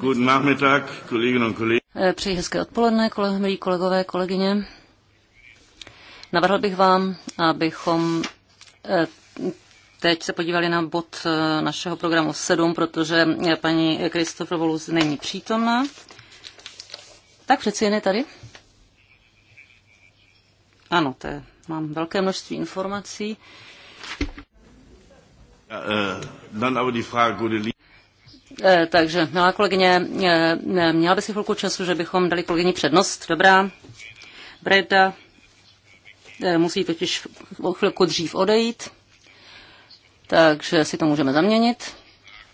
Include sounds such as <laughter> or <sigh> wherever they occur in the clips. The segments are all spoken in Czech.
Guten Nachmittag, Kolleginnen und Kollegen. Eh, přeji hezké odpoledne, kolegové, milí kolegové, kolegyně. Navrhl bych vám, abychom eh, teď se podívali na bod eh, našeho programu 7, protože paní Kristofovolus není přítomná. Tak přeci jen je tady. Ano, to je, mám velké množství informací. Eh, takže, milá kolegyně, eh, měla by si chvilku času, že bychom dali kolegyni přednost. Dobrá. Breda eh, musí totiž o chvilku dřív odejít, takže si to můžeme zaměnit.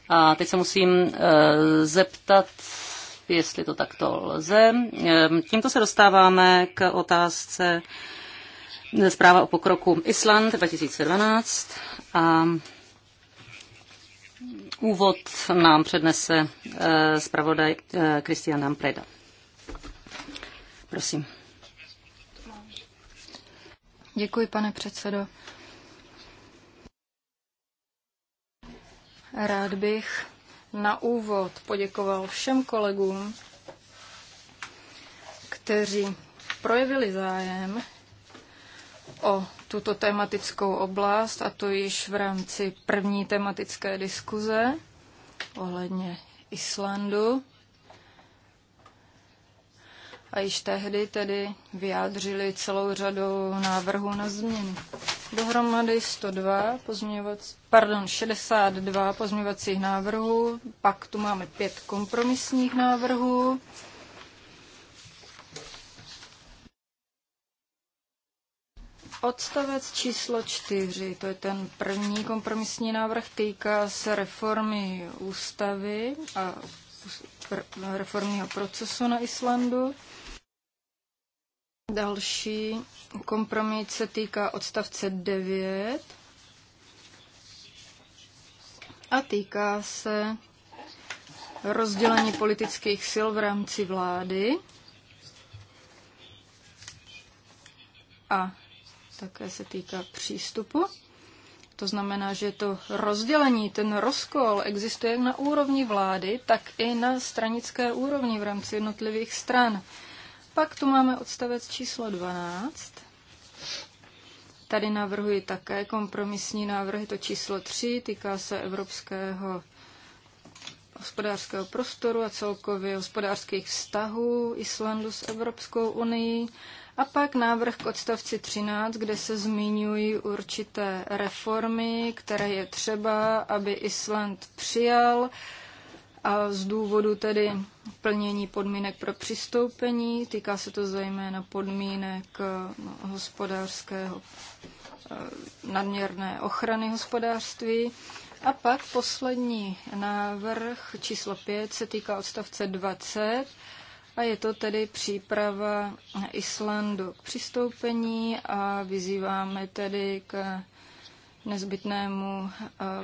A teď se musím zeptat, jestli to takto lze. Tímto se dostáváme k otázce zpráva o pokroku Island 2012 a Úvod nám přednese eh, zpravodaj Kristian eh, Nampreda. Prosím. Děkuji, pane předsedo. Rád bych na úvod poděkoval všem kolegům, kteří projevili zájem o tuto tematickou oblast, a to již v rámci první tematické diskuze ohledně Islandu. A již tehdy tedy vyjádřili celou řadu návrhů na změny. Dohromady 102 pozměvac, pardon, 62 pozměvacích návrhů, pak tu máme pět kompromisních návrhů. Odstavec číslo čtyři, to je ten první kompromisní návrh, týká se reformy ústavy a reformního procesu na Islandu. Další kompromis se týká odstavce 9 a týká se rozdělení politických sil v rámci vlády. A také se týká přístupu. To znamená, že to rozdělení, ten rozkol existuje jak na úrovni vlády, tak i na stranické úrovni v rámci jednotlivých stran. Pak tu máme odstavec číslo 12. Tady navrhuji také kompromisní návrhy, to číslo 3 týká se evropského hospodářského prostoru a celkově hospodářských vztahů Islandu s Evropskou unii. A pak návrh k odstavci 13, kde se zmiňují určité reformy, které je třeba, aby Island přijal a z důvodu tedy plnění podmínek pro přistoupení. Týká se to zejména podmínek no, hospodářského eh, nadměrné ochrany hospodářství. A pak poslední návrh číslo 5 se týká odstavce 20 a je to tedy příprava Islandu k přistoupení a vyzýváme tedy k nezbytnému eh,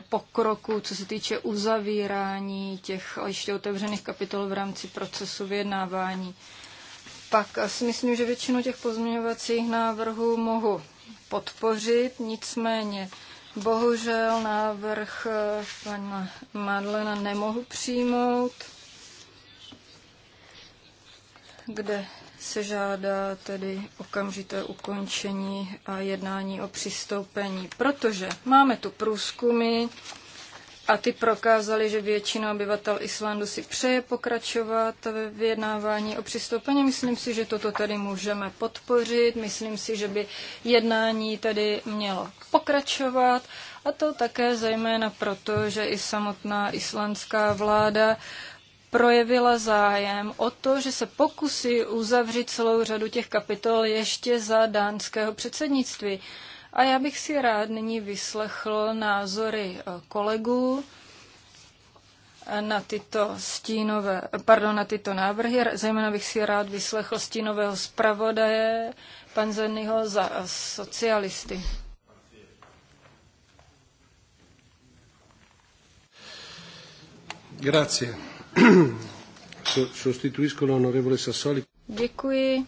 pokroku, co se týče uzavírání těch ještě otevřených kapitol v rámci procesu vyjednávání. Pak eh, si myslím, že většinu těch pozměňovacích návrhů mohu podpořit, nicméně bohužel návrh eh, pana Madlena nemohu přijmout kde se žádá tedy okamžité ukončení a jednání o přistoupení, protože máme tu průzkumy a ty prokázaly, že většina obyvatel Islandu si přeje pokračovat ve vyjednávání o přistoupení. Myslím si, že toto tady můžeme podpořit, myslím si, že by jednání tady mělo pokračovat a to také zejména proto, že i samotná islandská vláda uh, projevila zájem o to, že se pokusí uzavřít celou řadu těch kapitol ještě za dánského předsednictví. A já bych si rád nyní vyslechl názory eh, kolegů na tyto, stínové, pardon, na tyto návrhy. Zejména bych si rád vyslechl stínového zpravodaje Panzernyho za eh, socialisty. Grazie. Děkuji.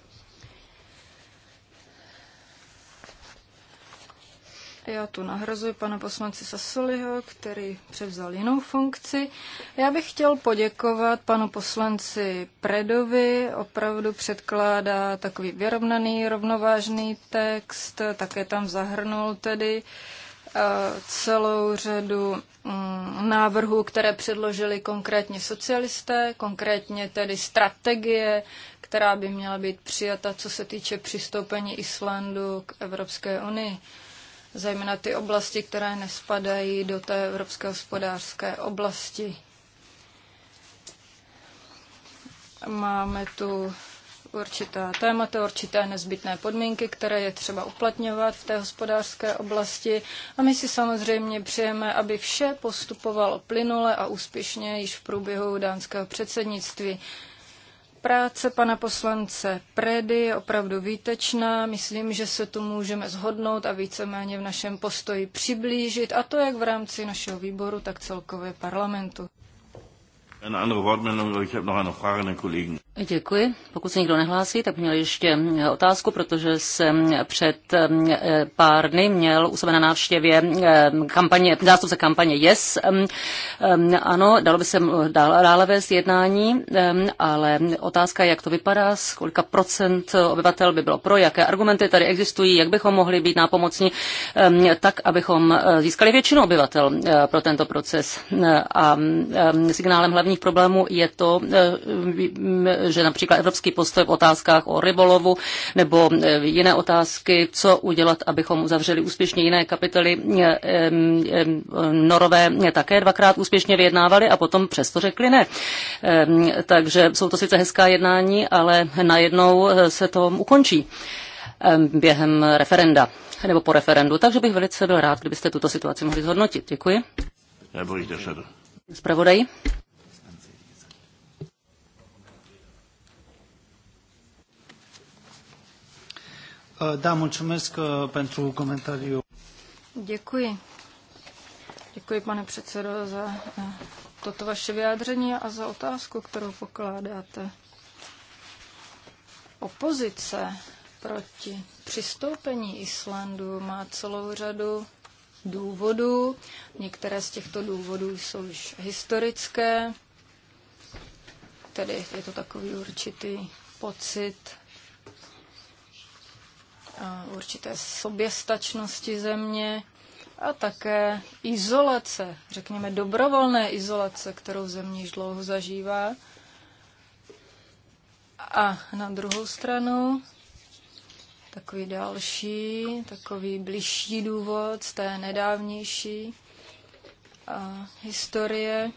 Já tu nahrazuji pana poslance Sasoliho, který převzal jinou funkci. Já bych chtěl poděkovat panu poslanci Predovi, opravdu předkládá takový vyrovnaný, rovnovážný text, také tam zahrnul tedy uh, celou řadu mm, návrhů, které předložili konkrétně socialisté, konkrétně tedy strategie, která by měla být přijata, co se týče přistoupení Islandu k Evropské unii. Zejména ty oblasti, které nespadají do té evropské hospodářské oblasti. Máme tu určité témata, určité nezbytné podmínky, které je třeba uplatňovat v té hospodářské oblasti. A my si samozřejmě přejeme, aby vše postupovalo plynule a úspěšně již v průběhu dánského předsednictví. Práce pana poslance Predy je opravdu výtečná. Myslím, že se tu můžeme zhodnout a víceméně v našem postoji přiblížit, a to jak v rámci našeho výboru, tak celkově parlamentu. Děkuji. Pokud se nikdo nehlásí, tak měl ještě eh, otázku, protože jsem eh, před eh, pár dny měl u sebe na návštěvě kampaně, zástupce kampaně Yes. Ano, dalo by se dále vést jednání, ale otázka je, jak to vypadá, z kolika procent obyvatel by bylo pro, jaké argumenty tady existují, jak bychom mohli být nápomocní, tak, abychom získali většinu obyvatel pro tento proces. A signálem hlavní hlavních problémů je to, eh, že například evropský postoj v otázkách o rybolovu nebo eh, jiné otázky, co udělat, abychom uzavřeli úspěšně jiné kapitoly. Eh, norové také dvakrát úspěšně vyjednávali a potom přesto řekli ne. Takže jsou to sice hezká jednání, ale najednou se to ukončí během referenda nebo po referendu. Takže bych velice byl rád, kdybyste tuto situaci mohli zhodnotit. Děkuji. Zpravodaj. Uh, da, mulțumesc uh, pentru comentariu. Děkuji. Děkuji, pane předsedo, za uh, toto vaše vyjádření a za otázku, kterou pokládáte. Opozice proti přistoupení Islandu má celou řadu důvodů. Některé z těchto důvodů jsou již historické, tedy je to takový určitý pocit určité soběstačnosti země a také izolace, řekněme dobrovolné izolace, kterou země již dlouho zažívá. A na druhou stranu takový další, takový bližší důvod z té nedávnější a, historie,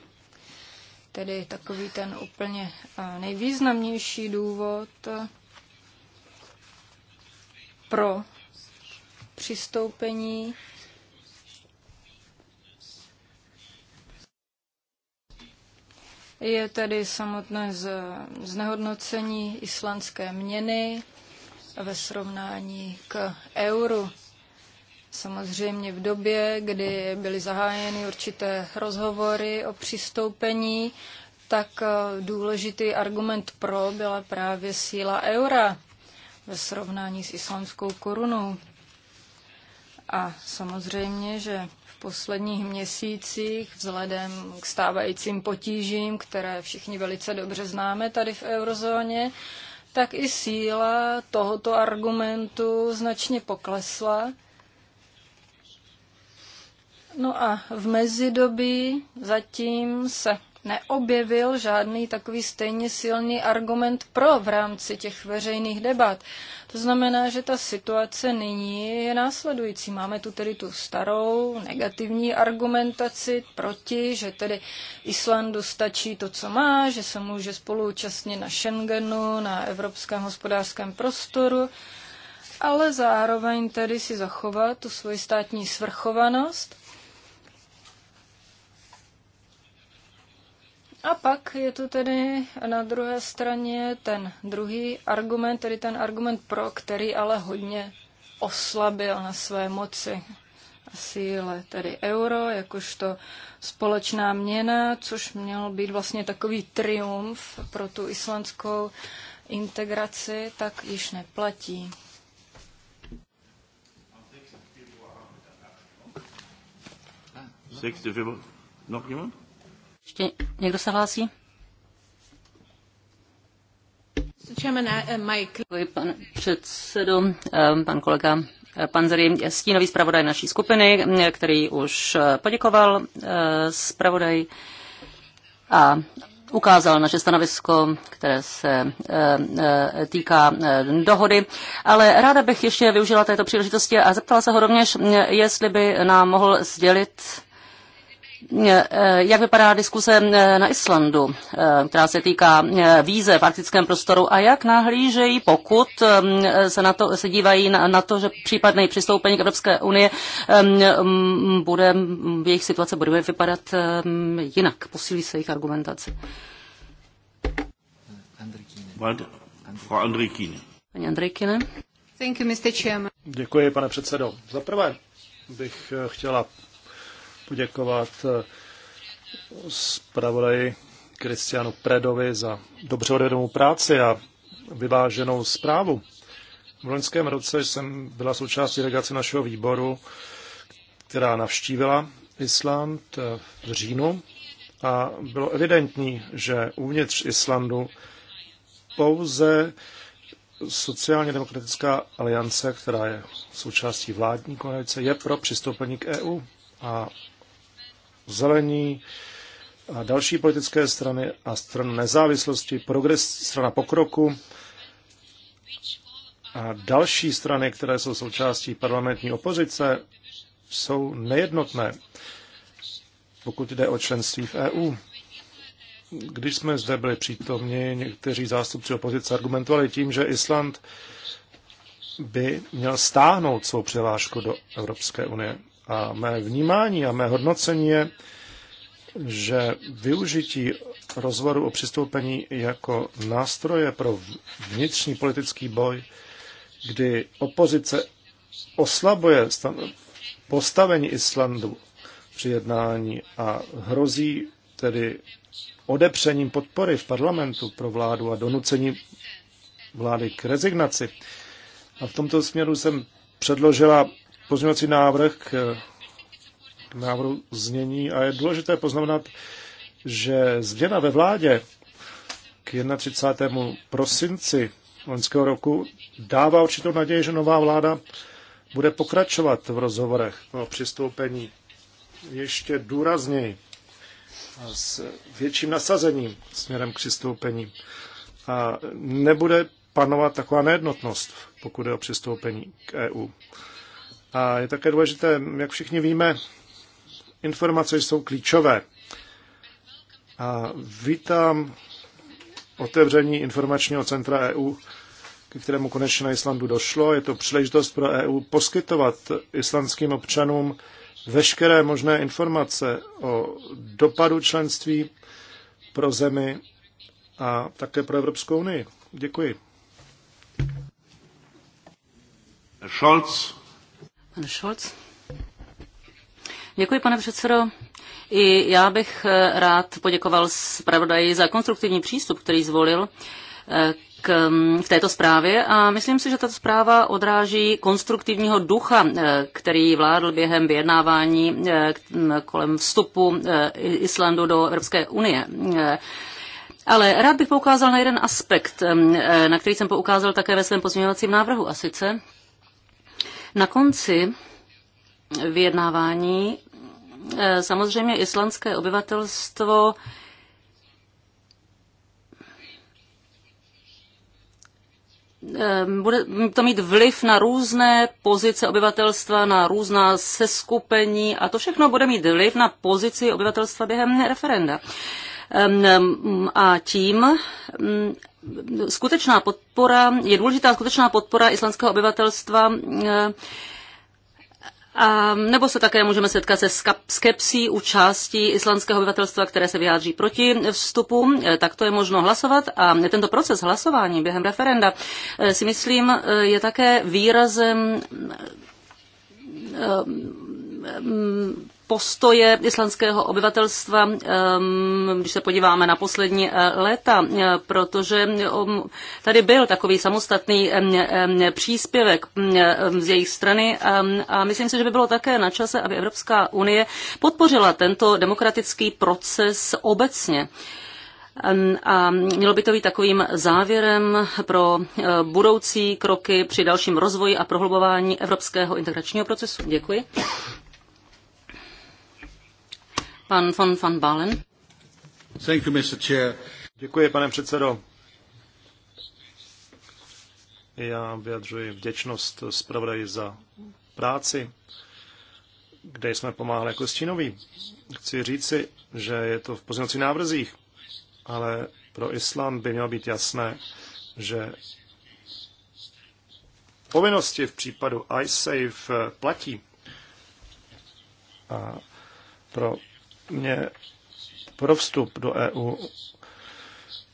tedy takový ten úplně nejvýznamnější důvod, a, pro přistoupení je tedy samotné znehodnocení islandské měny ve srovnání k euru. Samozřejmě v době, kdy byly zahájeny určité rozhovory o přistoupení, tak eh, důležitý argument pro byla právě síla eura ve srovnání s islámskou korunou. A samozřejmě, že v posledních měsících vzhledem k stávajícím potížím, které všichni velice dobře známe tady v eurozóně, tak i síla tohoto argumentu značně poklesla. No a v mezidobí zatím se neobjevil žádný takový stejně silný argument pro v rámci těch veřejných debat. To znamená, že ta situace nyní je následující. Máme tu tedy tu starou negativní argumentaci proti, že tedy Islandu stačí to, co má, že se může spoluúčastnit na Schengenu, na Evropském hospodářském prostoru, ale zároveň tedy si zachovat tu svoji státní svrchovanost A pak je tu tedy na druhé straně ten druhý argument, tedy ten argument pro, který ale hodně oslabil na své moci a síle, tedy euro, jakožto společná měna, což měl být vlastně takový triumf pro tu islandskou integraci, tak již neplatí. Sechste Februar. Noch jemand? Ještě někdo se hlásí? Uh, Děkuji, pane předsedo, um, pan kolega uh, Panzery, stínový zpravodaj naší skupiny, který už uh, poděkoval zpravodaj a ukázal naše stanovisko, které se týká dohody. Ale ráda bych ještě využila této příležitosti a zeptala se ho rovněž, jestli by nám mohl sdělit Eh, eh, jak vypadá diskuse eh, na Islandu, která se týká víze v arktickém prostoru a jak nahlížejí, pokud ehm, se, na to, se dívají na, na to, že případné přistoupení k Evropské unie ehm, mm, bude, jejich situace bude vypadat ehm, jinak, posílí se jejich argumentace. Paní Andrikine. Děkuji, pane předsedo. Za prvé bych chtěla poděkovat eh, zpravodaji Kristianu Predovi za dobře odvedenou práci a vyváženou zprávu. V loňském roce jsem byla součástí delegace našeho výboru, která navštívila Island eh, v říjnu a bylo evidentní, že uvnitř Islandu pouze sociálně demokratická aliance, která je součástí vládní koalice, je pro přistoupení k EU. A zelení a další politické strany a strana nezávislosti, progres, strana pokroku a další strany, které jsou součástí parlamentní opozice, jsou nejednotné, pokud jde o členství v EU. Když jsme zde byli přítomni, někteří zástupci opozice argumentovali tím, že Island by měl stáhnout svou přihlášku do Evropské unie. A mé vnímání a mé hodnocení je, že využití rozvoru o přistoupení jako nástroje pro vnitřní politický boj, kdy opozice oslabuje postavení Islandu při jednání a hrozí tedy odepřením podpory v parlamentu pro vládu a donucením vlády k rezignaci. A v tomto směru jsem předložila pozměňovací návrh k návrhu znění a je důležité poznamenat, že změna ve vládě k 31. prosinci loňského roku dává určitou naději, že nová vláda bude pokračovat v rozhovorech o přistoupení ještě důrazněji a s větším nasazením směrem k přistoupení. A nebude panovat taková nejednotnost, pokud je o přistoupení k EU. A je také důležité, jak všichni víme, informace jsou klíčové. A vítám otevření informačního centra EU, ke kterému konečně na Islandu došlo. Je to příležitost pro EU poskytovat islandským občanům veškeré možné informace o dopadu členství pro zemi a také pro Evropskou unii. Děkuji. Scholz. Pan Scholz. Děkuji, pane předsedo. I já bych eh, rád poděkoval zpravodaji za konstruktivní přístup, který zvolil eh, k, mm, v této zprávě a myslím si, že tato zpráva odráží konstruktivního ducha, eh, který vládl během vyjednávání mm, kolem vstupu Islandu do Evropské unie. Ale rád bych poukázal na jeden aspekt, mm, na který jsem poukázal také ve svém pozměňovacím návrhu, a sice na konci vyjednávání eh, samozřejmě islandské obyvatelstvo eh, bude to mít vliv na různé pozice obyvatelstva, na různá seskupení a to všechno bude mít vliv na pozici obyvatelstva během referenda a tím skutečná podpora, je důležitá skutečná podpora islandského obyvatelstva eh, a nebo se také můžeme setkat se skepsí u části islandského obyvatelstva, které se vyjádří proti vstupu. Eh, tak to je možno hlasovat a tento proces hlasování během referenda eh, si myslím je také výrazem postoje islandského obyvatelstva, když se podíváme na poslední eh, léta, eh, protože tady byl takový samostatný příspěvek z jejich strany a myslím si, že by bylo také na čase, aby Evropská unie podpořila tento demokratický proces obecně. A mělo by to být takovým závěrem pro eh, budoucí kroky při dalším rozvoji a prohlubování evropského integračního procesu. Děkuji. Pan von van Balen. Thank you, Mr. Chair. Děkuji, pane předsedo. Já vyjadřuji vděčnost zpravodaji za práci, kde jsme pomáhali jako stínoví. Chci říci, že je to v pozměňovacích návrzích, ale pro islám by mělo být jasné, že povinnosti v případu iSafe platí. A pro mě pro vstup do EU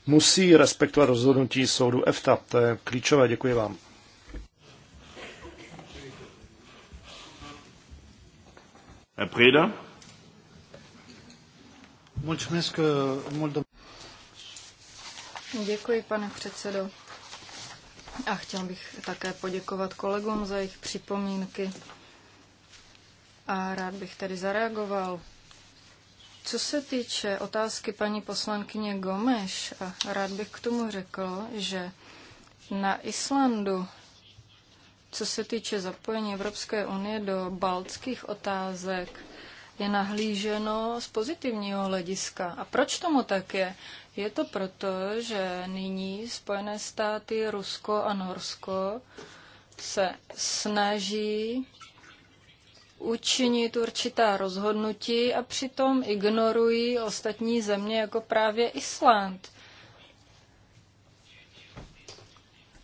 musí respektovat rozhodnutí soudu EFTA. To je klíčové. Děkuji vám. Eh, Preda. Eh, Děkuji, pane předsedo. A chtěl bych také poděkovat kolegům za jejich připomínky. A rád bych tedy zareagoval co se týče otázky paní poslankyně Gomeš, a rád bych k tomu řekl, že na Islandu, co se týče zapojení Evropské unie do baltských otázek, je nahlíženo z pozitivního hlediska. A proč tomu tak je? Je to proto, že nyní Spojené státy, Rusko a Norsko se snaží učinit určitá rozhodnutí a přitom ignorují ostatní země, jako právě Island.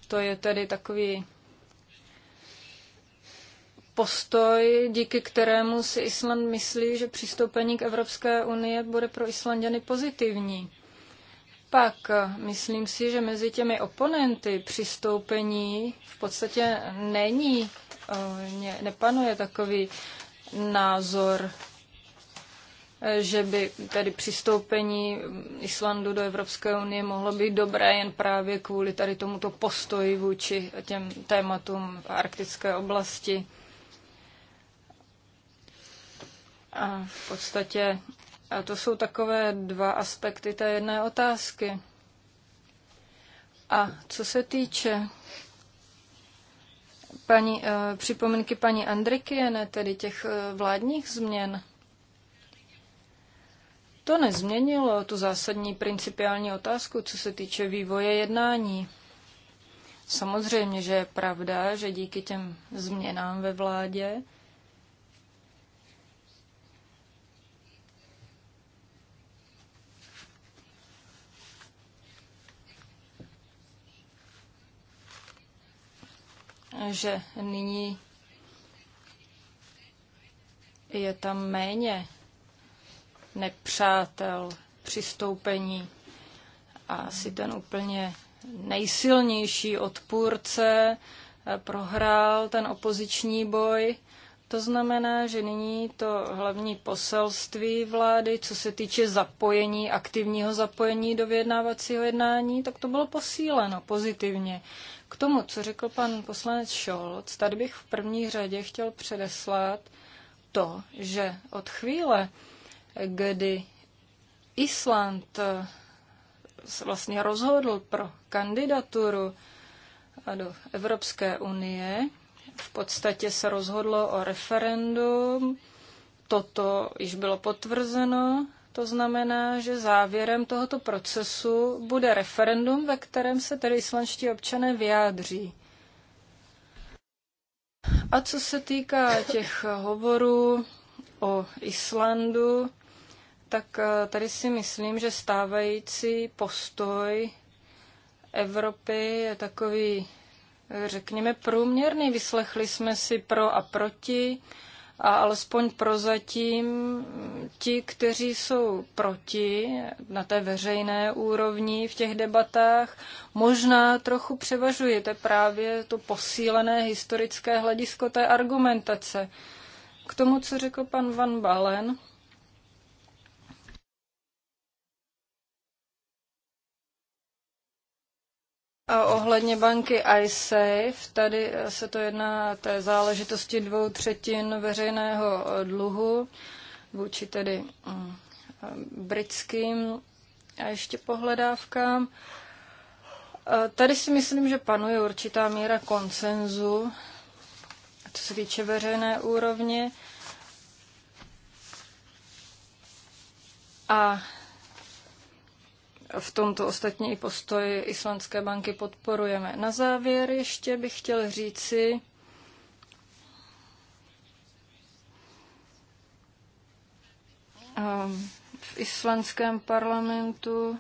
To je tedy takový postoj, díky kterému si Island myslí, že přistoupení k Evropské unii bude pro Islanděny pozitivní. Pak myslím si, že mezi těmi oponenty přistoupení v podstatě není, eh, ne, nepanuje takový názor, eh, že by tedy přistoupení Islandu do Evropské unie mohlo být dobré jen právě kvůli tady tomuto postoji vůči těm tématům v arktické oblasti. A v podstatě a to jsou takové dva aspekty té jedné otázky. A co se týče paní, eh, připomínky paní Andrikiene, tedy těch eh, vládních změn, to nezměnilo tu zásadní principiální otázku, co se týče vývoje jednání. Samozřejmě, že je pravda, že díky těm změnám ve vládě že nyní je tam méně nepřátel přistoupení a asi ten úplně nejsilnější odpůrce eh, prohrál ten opoziční boj. To znamená, že nyní to hlavní poselství vlády, co se týče zapojení, aktivního zapojení do vyjednávacího jednání, tak to bylo posíleno pozitivně. K tomu, co řekl pan poslanec Šolc, tady bych v první řadě chtěl předeslat to, že od chvíle, kdy Island eh, vlastně rozhodl pro kandidaturu eh, do Evropské unie, v podstatě se rozhodlo o referendum, toto již bylo potvrzeno to znamená, že závěrem tohoto procesu bude referendum, ve kterém se tedy islandští občané vyjádří. A co se týká těch hovorů o Islandu, tak eh, tady si myslím, že stávající postoj Evropy je takový, eh, řekněme, průměrný. Vyslechli jsme si pro a proti a alespoň prozatím ti, kteří jsou proti na té veřejné úrovni v těch debatách, možná trochu převažuje. To právě to posílené historické hledisko té argumentace. K tomu, co řekl pan Van Balen, A ohledně banky iSafe, tady se to jedná té záležitosti dvou třetin veřejného eh, dluhu vůči tedy mm, eh, britským a ještě pohledávkám. Eh, tady si myslím, že panuje určitá míra konsenzu, co se týče veřejné úrovně. A v tomto ostatně i postoji Islandské banky podporujeme. Na závěr ještě bych chtěl říci, ehm, v islandském parlamentu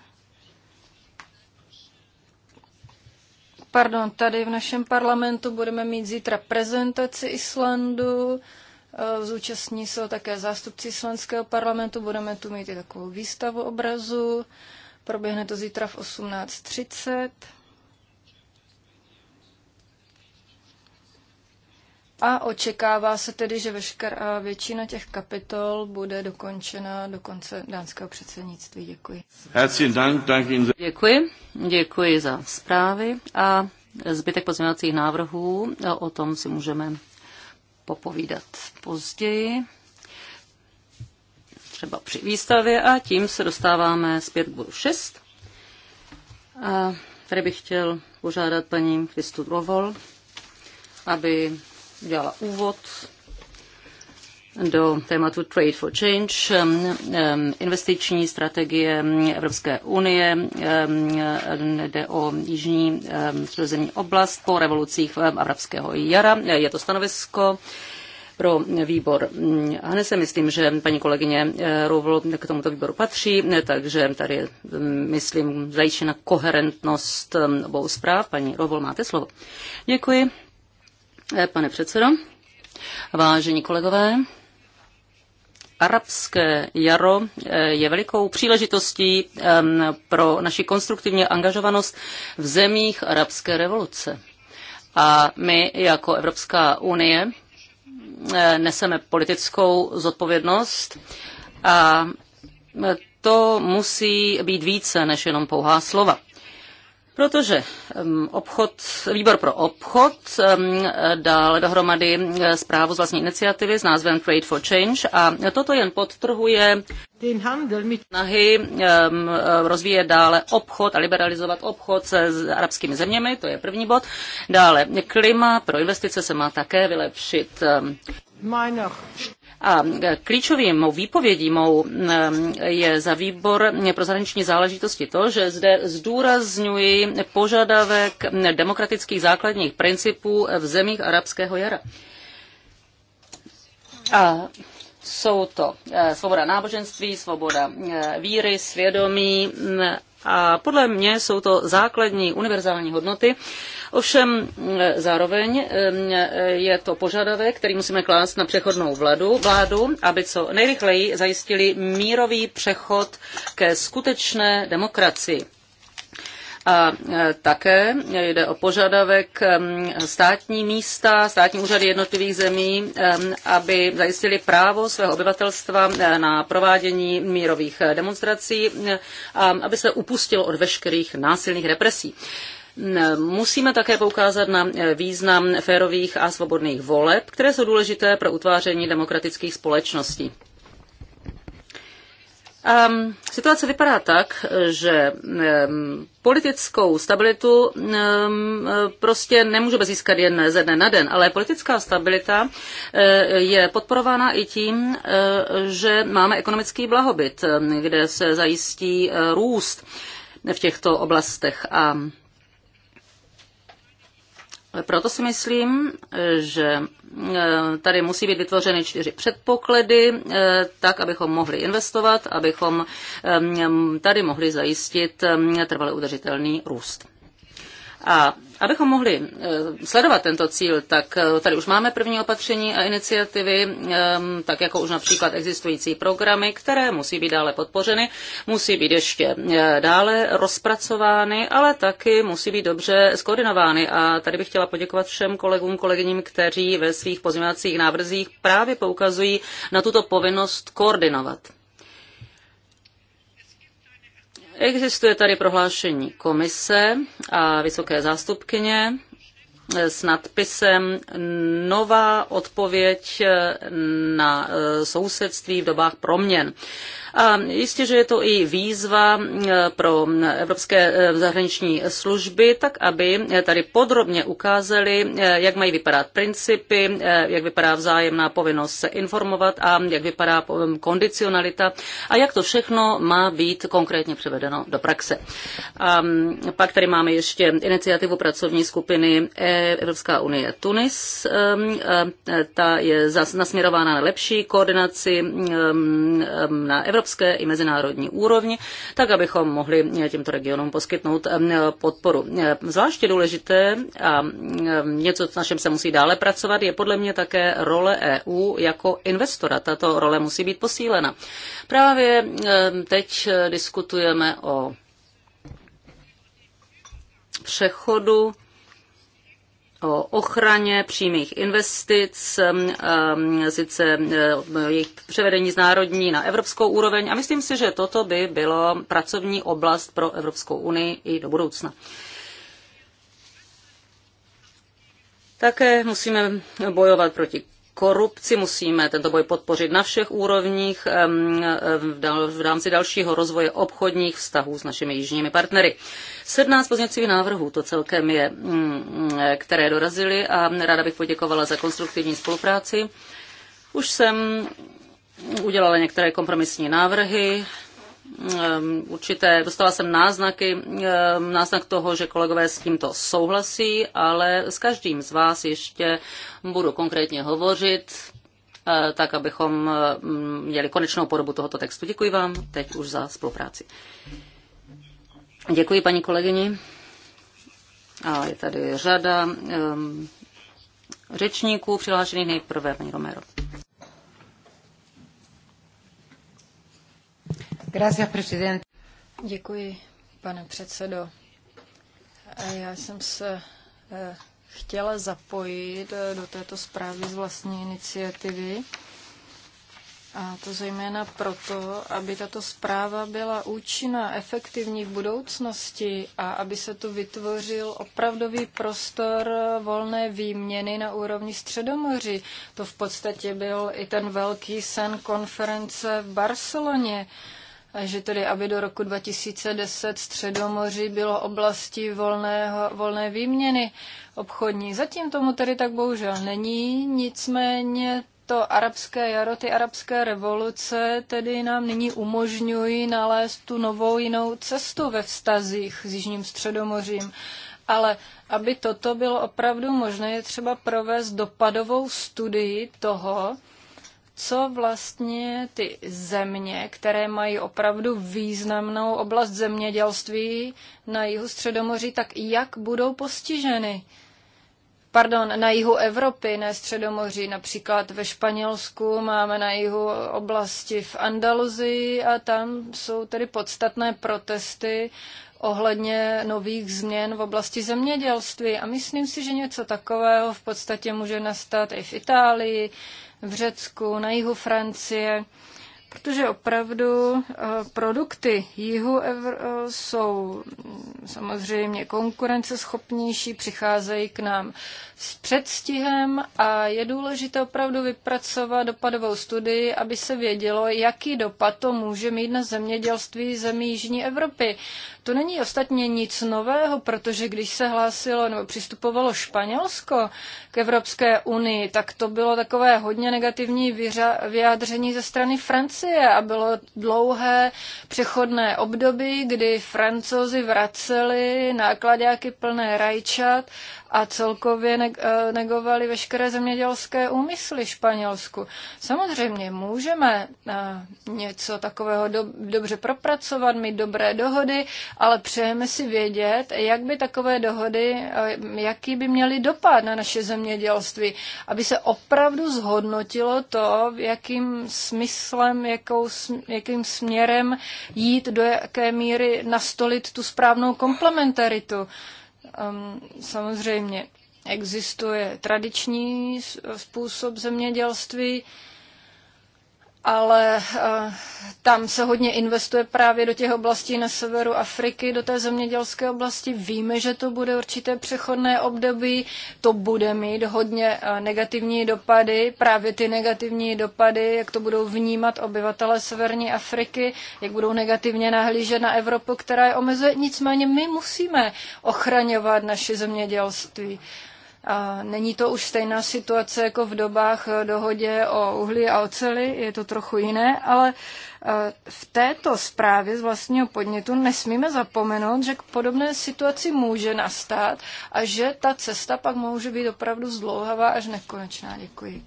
pardon, tady v našem parlamentu budeme mít zítra prezentaci Islandu, ehm, zúčastní se také zástupci islandského parlamentu, budeme tu mít i takovou výstavu obrazu. Proběhne to zítra v 18.30. A očekává se tedy, že veškerá většina těch kapitol bude dokončena do konce dánského předsednictví. Děkuji. Děkuji. Děkuji za zprávy a zbytek pozměňovacích návrhů. O tom si můžeme popovídat později třeba při výstavě a tím se dostáváme zpět k bodu 6. A tady bych chtěl požádat paní Kristu Drovol, aby udělala úvod do tématu Trade for Change, um, um, investiční strategie Evropské unie, um, jde o jižní středozemní oblast po revolucích arabského jara. Je to stanovisko pro výbor Hane hm, se myslím, že paní kolegyně eh, Rovl k tomuto výboru patří, takže tady hm, myslím zajištěna koherentnost hm, obou zpráv. Paní Rovl, máte slovo. Děkuji, eh, pane předsedo. Vážení kolegové, arabské jaro eh, je velikou příležitostí pro naši konstruktivní angažovanost v zemích arabské revoluce. A my jako Evropská unie Eh, neseme politickou zodpovědnost a to musí být více než jenom pouhá slova protože obchod, výbor pro obchod dal dohromady eh, zprávu z vlastní iniciativy s názvem Trade for Change a toto jen podtrhuje snahy rozvíjet dále obchod a liberalizovat obchod se s arabskými zeměmi, to je první bod. Dále klima pro investice se má také vylepšit. A klíčovým mou výpovědí mou je za výbor pro zahraniční záležitosti to, že zde zdůrazňuji požadavek demokratických základních principů v zemích arabského jara. A jsou to e, svoboda náboženství, svoboda e, víry, svědomí a podle mě jsou to základní univerzální hodnoty, Ovšem eh, zároveň eh, je to požadavek, který musíme klást na přechodnou vládu, vládu aby co nejrychleji zajistili mírový přechod ke skutečné demokracii. A eh, také jde o požadavek ehm, státní místa, státní úřady jednotlivých zemí, ehm, aby zajistili právo svého obyvatelstva na provádění mírových demonstrací a aby se upustilo od veškerých násilných represí. Musíme také poukázat na eh, význam férových a svobodných voleb, které jsou důležité pro utváření demokratických společností. Um, situace vypadá tak, že um, politickou stabilitu um, prostě nemůžeme získat jen ze dne na den, ale politická stabilita uh, je podporována i tím, uh, že máme ekonomický blahobyt, kde se zajistí uh, růst v těchto oblastech. A proto si myslím, že eh, tady musí být vytvořeny čtyři předpoklady, eh, tak abychom mohli investovat, abychom eh, tady mohli zajistit trvale udržitelný růst. A Abychom mohli eh, sledovat tento cíl, tak eh, tady už máme první opatření a iniciativy, ehm, tak jako už například existující programy, které musí být dále podpořeny, musí být ještě eh, dále rozpracovány, ale taky musí být dobře skoordinovány. A tady bych chtěla poděkovat všem kolegům, kolegyním, kteří ve svých pozměňovacích návrzích právě poukazují na tuto povinnost koordinovat. Existuje tady prohlášení komise a vysoké zástupkyně s nadpisem Nová odpověď na sousedství v dobách proměn. A jistě, že je to i výzva pro evropské e, zahraniční služby, tak aby tady podrobně ukázali, e, jak mají vypadat principy, e, jak vypadá vzájemná povinnost se informovat a jak vypadá kondicionalita a jak to všechno má být konkrétně převedeno do praxe. A pak tady máme ještě iniciativu pracovní skupiny Evropská unie Tunis. Ta je nasměrována na lepší koordinaci na evropské evropské i mezinárodní úrovni, tak abychom mohli těmto regionům poskytnout eh, podporu. Eh, zvláště důležité a eh, něco, na čem se musí dále pracovat, je podle mě také role EU jako investora. Tato role musí být posílena. Právě teď diskutujeme o přechodu o ochraně přímých investic, um, um, sice uh, jejich převedení z národní na evropskou úroveň a myslím si, že toto by bylo pracovní oblast pro Evropskou unii i do budoucna. Také musíme bojovat proti korupci. Musíme tento boj podpořit na všech úrovních v rámci dalšího rozvoje obchodních vztahů s našimi jižními partnery. 17 pozměňovacích návrhů to celkem je, mm, mm, které dorazily a ráda bych poděkovala za konstruktivní spolupráci. Už jsem udělala některé kompromisní návrhy, Ehm, určité, dostala jsem náznaky, ehm, náznak toho, že kolegové s tímto souhlasí, ale s každým z vás ještě budu konkrétně hovořit, eh, tak abychom ehm, měli konečnou podobu tohoto textu. Děkuji vám teď už za spolupráci. Děkuji paní kolegyni. A je tady řada um, řečníků přihlášených nejprve paní Romero. Gracias, president. Děkuji, pane předsedo. Já jsem se eh, chtěla zapojit eh, do této zprávy z vlastní iniciativy. A to zejména proto, aby tato zpráva byla účinná, efektivní v budoucnosti a aby se tu vytvořil opravdový prostor eh, volné výměny na úrovni Středomoří. To v podstatě byl i ten velký sen konference v Barceloně že tedy aby do roku 2010 Středomoří bylo oblasti volného, volné výměny obchodní. Zatím tomu tedy tak bohužel není, nicméně to arabské jaro, ty arabské revoluce tedy nám nyní umožňují nalézt tu novou jinou cestu ve vztazích s Jižním Středomořím. Ale aby toto bylo opravdu možné, je třeba provést dopadovou studii toho, co vlastně ty země, které mají opravdu významnou oblast zemědělství na jihu Středomoří, tak jak budou postiženy? Pardon, na jihu Evropy, ne Středomoří, například ve Španělsku máme na jihu oblasti v Andaluzii a tam jsou tedy podstatné protesty ohledně nových změn v oblasti zemědělství. A myslím si, že něco takového v podstatě může nastat i v Itálii, v Řecku, na jihu Francie protože opravdu eh, produkty jihu eh, jsou mm, samozřejmě konkurenceschopnější, přicházejí k nám s předstihem a je důležité opravdu vypracovat dopadovou studii, aby se vědělo, jaký dopad to může mít na zemědělství zemí Jižní Evropy. To není ostatně nic nového, protože když se hlásilo nebo přistupovalo Španělsko k Evropské unii, tak to bylo takové hodně negativní vyjádření ze strany Francie Francie a bylo dlouhé přechodné období, kdy francouzi vraceli nákladáky plné rajčat a celkově eh, negovali veškeré zemědělské úmysly Španělsku. Samozřejmě můžeme eh, něco takového dobře propracovat, mít dobré dohody, ale přejeme si vědět, jak by takové dohody, eh, jaký by měly dopad na naše zemědělství, aby se opravdu zhodnotilo to, jakým smyslem, jakou, jakým směrem jít, do jaké míry nastolit tu správnou komplementaritu. Um, samozřejmě existuje tradiční způsob zemědělství, ale eh, tam se hodně investuje právě do těch oblastí na severu Afriky, do té zemědělské oblasti. Víme, že to bude určité přechodné období, to bude mít hodně eh, negativní dopady, právě ty negativní dopady, jak to budou vnímat obyvatele severní Afriky, jak budou negativně nahlížet na Evropu, která je omezuje. Nicméně my musíme ochraňovat naše zemědělství. Není to už stejná situace jako v dobách eh, dohodě o uhlí a oceli, je to trochu jiné, ale eh, v této zprávě z vlastního podnětu nesmíme zapomenout, že k podobné situaci může nastat a že ta cesta pak může být opravdu zdlouhavá až nekonečná. Děkuji.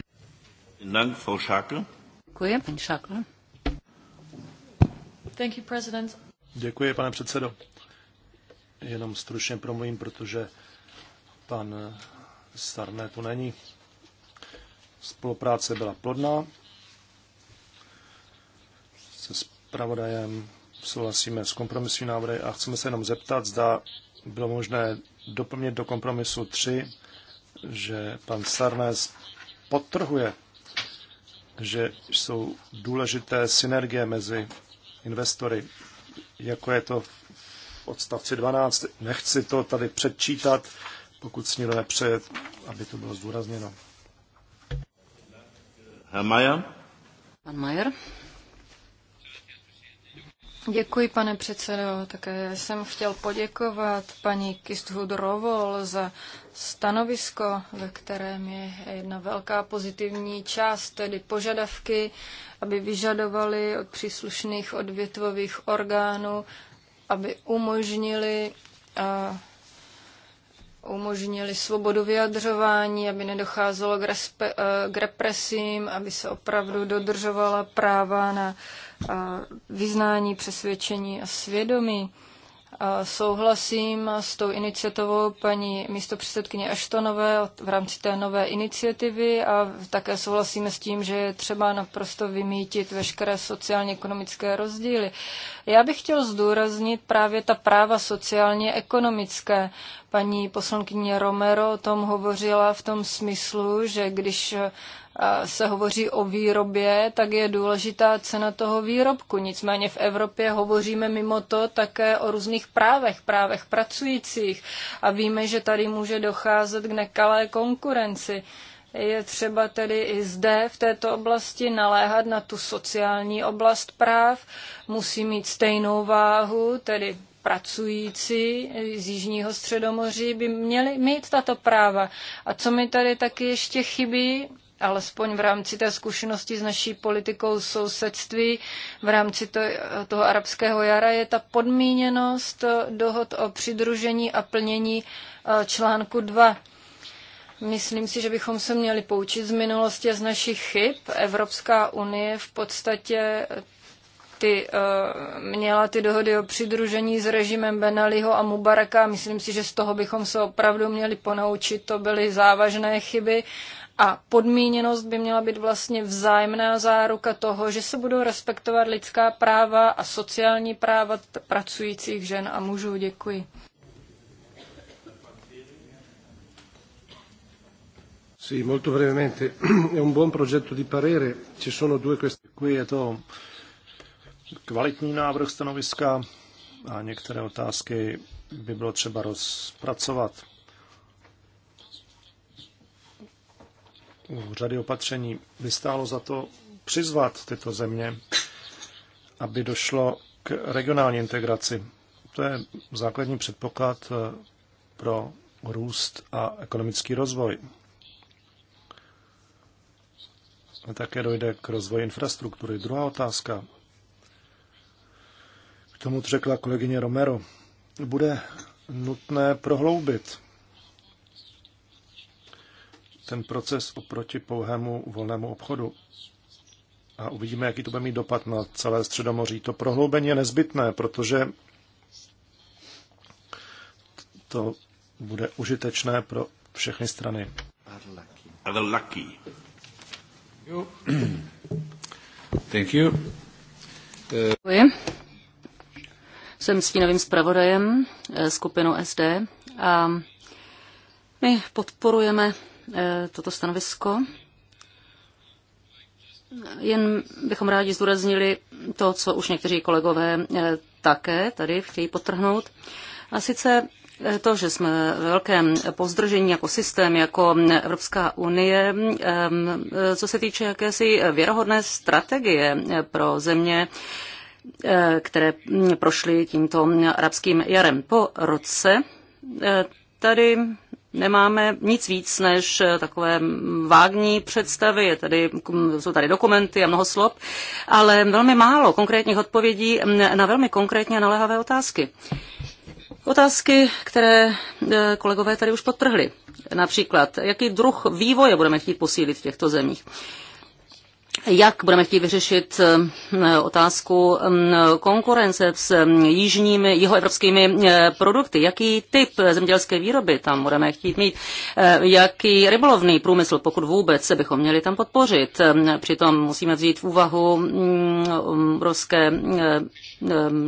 Děkuji, paní Děkuji, pane předsedo. Jenom stručně promluvím, protože pan starné to není. Spolupráce byla plodná. Se spravodajem souhlasíme s kompromisní návrhy a chceme se jenom zeptat, zda bylo možné doplnit do kompromisu 3, že pan Sarnes potrhuje, že jsou důležité synergie mezi investory, jako je to v odstavci 12. Nechci to tady předčítat, pokud si někdo nepřeje, aby to bylo zdůrazněno. Herr Mayer. Pan Mayer. Děkuji, pane předsedo. Také jsem chtěl poděkovat paní Kisthud Rovol za stanovisko, ve kterém je jedna velká pozitivní část, tedy požadavky, aby vyžadovali od příslušných odvětvových orgánů, aby umožnili umožnili svobodu vyjadřování, aby nedocházelo k, respe, eh, k represím, aby se opravdu dodržovala práva na eh, vyznání, přesvědčení a svědomí. Souhlasím s tou iniciativou paní místopředsedkyně Aštonové v rámci té nové iniciativy a také souhlasíme s tím, že je třeba naprosto vymítit veškeré sociálně-ekonomické rozdíly. Já bych chtěl zdůraznit právě ta práva sociálně-ekonomické. Paní poslankyně Romero o tom hovořila v tom smyslu, že když se hovoří o výrobě, tak je důležitá cena toho výrobku. Nicméně v Evropě hovoříme mimo to také o různých právech, právech pracujících a víme, že tady může docházet k nekalé konkurenci. Je třeba tedy i zde v této oblasti naléhat na tu sociální oblast práv. Musí mít stejnou váhu, tedy pracující z Jižního středomoří by měli mít tato práva. A co mi tady taky ještě chybí, alespoň v rámci té zkušenosti s naší politikou sousedství, v rámci to, toho arabského jara, je ta podmíněnost dohod o přidružení a plnění e, článku 2. Myslím si, že bychom se měli poučit z minulosti a z našich chyb. Evropská unie v podstatě e, ty, e, měla ty dohody o přidružení s režimem Benaliho a Mubaraka. Myslím si, že z toho bychom se opravdu měli ponaučit. To byly závažné chyby a podmíněnost by měla být vlastně vzájemná záruka toho, že se budou respektovat lidská práva a sociální práva pracujících žen a mužů. Děkuji. Sì, molto brevemente. <clears throat> È un buon progetto di parere. Ci sono due queste, Qui je to kvalitní návrh stanoviska a některé otázky by bylo třeba rozpracovat. u řady opatření by stálo za to přizvat tyto země, aby došlo k regionální integraci. To je základní předpoklad eh, pro růst a ekonomický rozvoj. A také dojde k rozvoji infrastruktury. Druhá otázka. K tomu, co řekla kolegyně Romero. Bude nutné prohloubit ten proces oproti pouhému volnému obchodu. A uvidíme, jaký to bude mít dopad na celé Středomoří. To prohloubení je nezbytné, protože to bude užitečné pro všechny strany. lucky. Thank you. Děkuji. Jsem stínovým zpravodajem eh, skupinu SD a my podporujeme Eh, toto stanovisko. Jen bychom rádi zdůraznili to, co už někteří kolegové eh, také tady chtějí potrhnout. A sice eh, to, že jsme ve velkém pozdržení jako systém, jako Evropská unie, ehm, co se týče jakési věrohodné strategie pro země, které mm, prošly tímto arabským jarem po roce, tady nemáme nic víc než eh, takové mm, vágní představy, je tady, jsou tady dokumenty a mnoho slob, ale velmi málo konkrétních odpovědí mm, na velmi konkrétně naléhavé otázky. Otázky, které eh, kolegové tady už podtrhli. Například, jaký druh vývoje budeme chtít posílit v těchto zemích jak budeme chtít vyřešit eh, otázku mm, konkurence s mm, jižními, jihoevropskými eh, produkty, jaký typ zemědělské výroby tam budeme chtít mít, eh, jaký rybolovný průmysl, pokud vůbec se bychom měli tam podpořit. Přitom musíme vzít v úvahu mm, ruské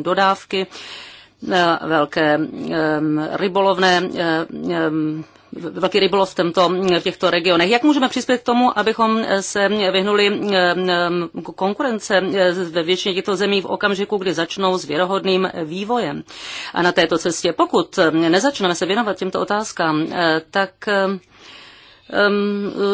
dodávky velké rybolovné velký rybolov v, tento, v těchto regionech. Jak můžeme přispět k tomu, abychom se vyhnuli konkurence ve většině těchto zemí v okamžiku, kdy začnou s věrohodným vývojem a na této cestě? Pokud nezačneme se věnovat těmto otázkám, eh, tak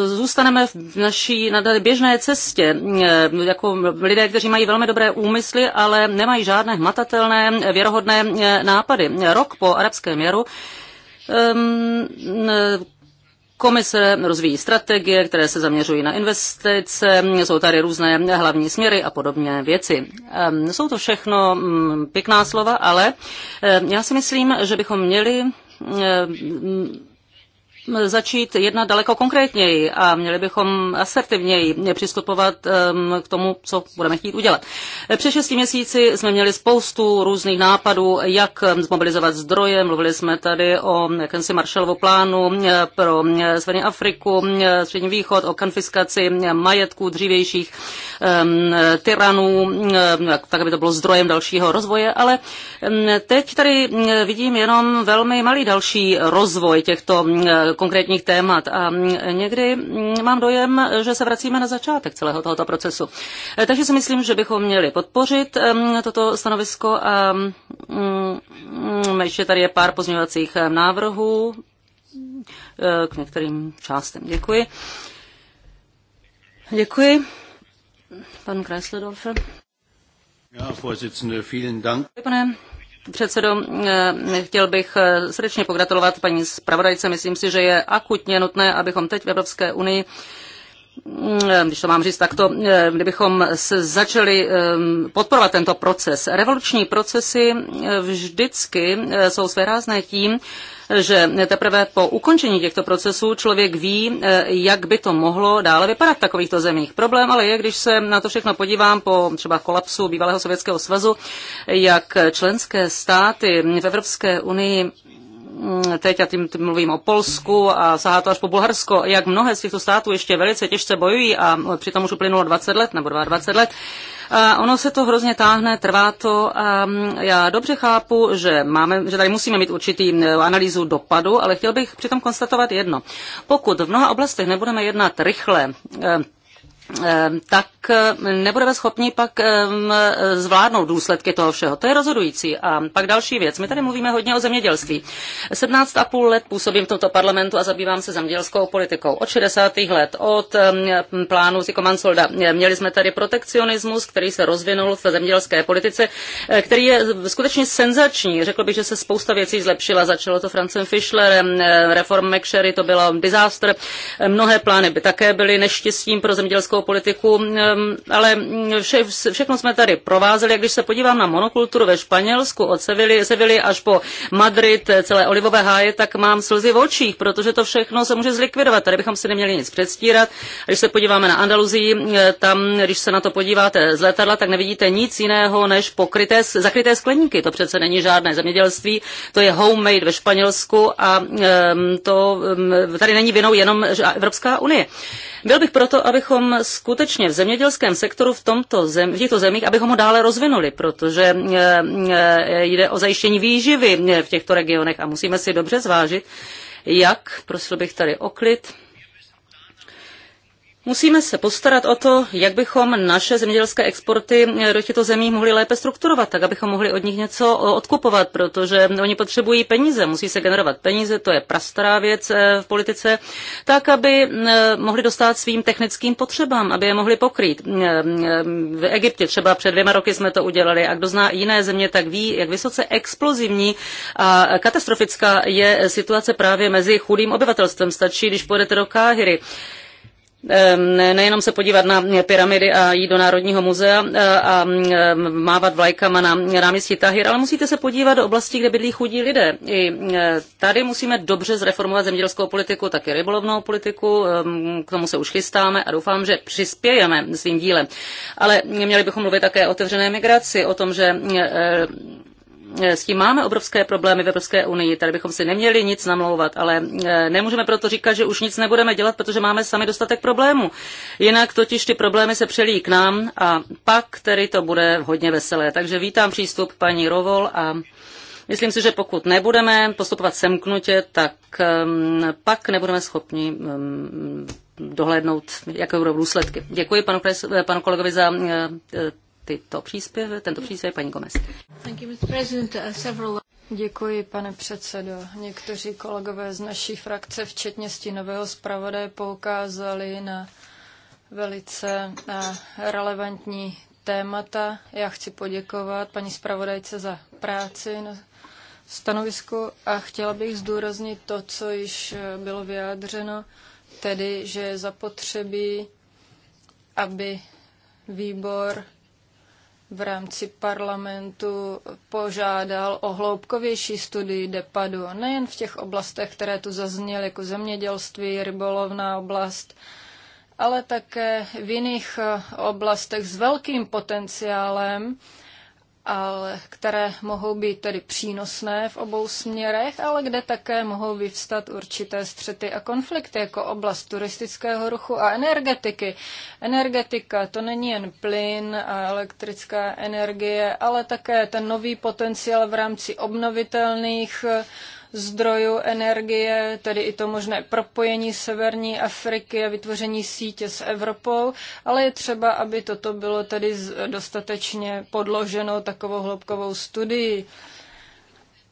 zůstaneme v naší na běžné cestě, eh, jako lidé, kteří mají velmi dobré úmysly, ale nemají žádné hmatatelné, věrohodné eh, nápady. Rok po arabském jaru Ehm, komise rozvíjí strategie, které se zaměřují na investice, jsou tady různé hlavní směry a podobně věci. Ehm, jsou to všechno mm, pěkná slova, ale eh, já si myslím, že bychom měli eh, začít jednat daleko konkrétněji a měli bychom asertivněji přistupovat k tomu, co budeme chtít udělat. Před šesti měsíci jsme měli spoustu různých nápadů, jak zmobilizovat zdroje. Mluvili jsme tady o jakémsi Marshallovu plánu pro Severní Afriku, Střední východ, o konfiskaci majetků dřívějších tyranů, tak aby to bylo zdrojem dalšího rozvoje, ale teď tady vidím jenom velmi malý další rozvoj těchto konkrétních témat. A mm, někdy mm, mám dojem, že se vracíme na začátek celého tohoto procesu. E, takže si myslím, že bychom měli podpořit toto stanovisko a mm, ještě tady je pár pozměňovacích návrhů e, k některým částem. Děkuji. Děkuji. Pan Kreisledorfer. Ja, Vorsitzende, vielen Dank. Pane předsedo, eh, chtěl bych eh, srdečně pogratulovat paní zpravodajce. Myslím si, že je akutně nutné, abychom teď v Evropské unii Mm, když to mám říct takto, mm, kdybychom se začali mm, podporovat tento proces. Revoluční procesy vždycky jsou rázné tím, že teprve po ukončení těchto procesů člověk ví, jak by to mohlo dále vypadat v takovýchto zemích. Problém ale je, když se na to všechno podívám po třeba kolapsu bývalého Sovětského svazu, jak členské státy v Evropské unii teď, a tím mluvím o Polsku a sahá to až po Bulharsko, jak mnohé z těchto států ještě velice těžce bojují a přitom už uplynulo 20 let nebo 22 let, a ono se to hrozně táhne, trvá to a já dobře chápu, že, máme, že tady musíme mít určitý e, analýzu dopadu, ale chtěl bych přitom konstatovat jedno. Pokud v mnoha oblastech nebudeme jednat rychle, e, Ehm, tak eh, nebudeme schopni pak ehm, zvládnout důsledky toho všeho. To je rozhodující. A pak další věc. My tady mluvíme hodně o zemědělství. 17,5 let působím v tomto parlamentu a zabývám se zemědělskou politikou. Od 60. let, od ehm, plánu Ziko měli jsme tady protekcionismus, který se rozvinul v zemědělské politice, eh, který je skutečně senzační. Řekl bych, že se spousta věcí zlepšila. Začalo to Francem Fischlerem, eh, reform McSherry, to bylo disaster. Mnohé plány by také byly neštěstím pro zemědělskou zemědělskou politiku, um, ale vše, všechno jsme tady provázeli. když se podívám na monokulturu ve Španělsku od Sevily, až po Madrid, celé olivové háje, tak mám slzy v očích, protože to všechno se může zlikvidovat. Tady bychom si neměli nic předstírat. když se podíváme na Andaluzii, eh, tam, když se na to podíváte z letadla, tak nevidíte nic jiného než pokryté, zakryté skleníky. To přece není žádné zemědělství, to je homemade ve Španělsku a ehm, to ehm, tady není vinou jenom Evropská unie. Byl bych proto, abychom skutečně v zemědělském sektoru v, tomto zem, v těchto zemích, abychom ho dále rozvinuli, protože eh, eh, jde o zajištění výživy v těchto regionech a musíme si dobře zvážit, jak, prosil bych tady o klid, Musíme se postarat o to, jak bychom naše zemědělské exporty eh, do těchto zemí mohli lépe strukturovat, tak abychom mohli od nich něco eh, odkupovat, protože oni potřebují peníze, musí se generovat peníze, to je prastará věc eh, v politice, tak aby mohli dostat svým technickým potřebám, aby je mohli pokrýt. V Egyptě třeba před dvěma roky jsme to udělali a kdo zná jiné země, tak ví, jak vysoce explozivní a katastrofická je situace právě mezi chudým obyvatelstvem. Stačí, když půjdete do Káhyry Ehm, nejenom se podívat na pyramidy a jít do Národního muzea eh, a mm, ehm, mávat vlajkama na náměstí Tahir, ale musíte se podívat do oblasti, kde bydlí chudí lidé. I eh, tady musíme dobře zreformovat zemědělskou politiku, taky rybolovnou politiku, ehm, k tomu se už chystáme a doufám, že přispějeme svým dílem. Ale měli bychom mluvit také o otevřené migraci, o tom, že eh, Eh, s tím máme obrovské problémy v Evropské unii, tady bychom si neměli nic namlouvat, ale eh, nemůžeme proto říkat, že už nic nebudeme dělat, protože máme sami dostatek problémů. Jinak totiž ty problémy se přelíjí k nám a pak tedy to bude hodně veselé. Takže vítám přístup paní Rovol a Myslím si, že pokud nebudeme postupovat semknutě, tak ehm, pak nebudeme schopni ehm, dohlédnout, jaké budou důsledky. Děkuji panu, panu kolegovi za eh, tyto tento příspěvek paní Gomez. Uh, Děkuji, pane předsedo. Někteří kolegové z naší frakce, včetně stínového zpravodaje, poukázali na velice eh, relevantní témata. Já chci poděkovat paní zpravodajce za práci na stanovisku a chtěla bych zdůraznit to, co již eh, bylo vyjádřeno, tedy, že je zapotřebí, aby výbor v rámci parlamentu požádal o hloubkovější studii depadu, nejen v těch oblastech, které tu zazněly, jako zemědělství, rybolovná oblast, ale také v jiných oblastech s velkým potenciálem, ale které mohou být tedy přínosné v obou směrech, ale kde také mohou vyvstat určité střety a konflikty, jako oblast turistického ruchu a energetiky. Energetika to není jen plyn a elektrická energie, ale také ten nový potenciál v rámci obnovitelných zdrojů energie, tedy i to možné propojení Severní Afriky a vytvoření sítě s Evropou, ale je třeba, aby toto bylo tedy dostatečně podloženo takovou hloubkovou studií.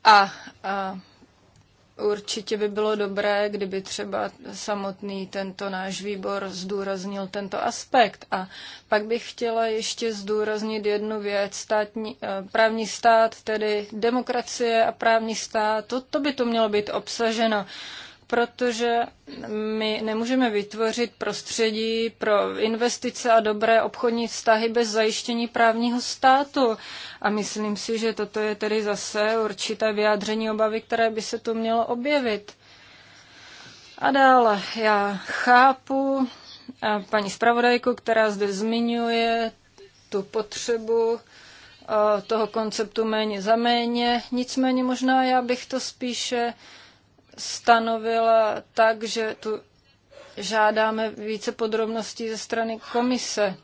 A, a Určitě by bylo dobré, kdyby třeba samotný tento náš výbor zdůraznil tento aspekt. A pak bych chtěla ještě zdůraznit jednu věc. Státní, eh, právní stát, tedy demokracie a právní stát, to, to by to mělo být obsaženo protože my nemůžeme vytvořit prostředí pro investice a dobré obchodní vztahy bez zajištění právního státu. A myslím si, že toto je tedy zase určité vyjádření obavy, které by se tu mělo objevit. A dále, já chápu paní zpravodajku, která zde zmiňuje tu potřebu toho konceptu méně za méně. Nicméně možná já bych to spíše stanovila tak, že tu žádáme více podrobností ze strany komise.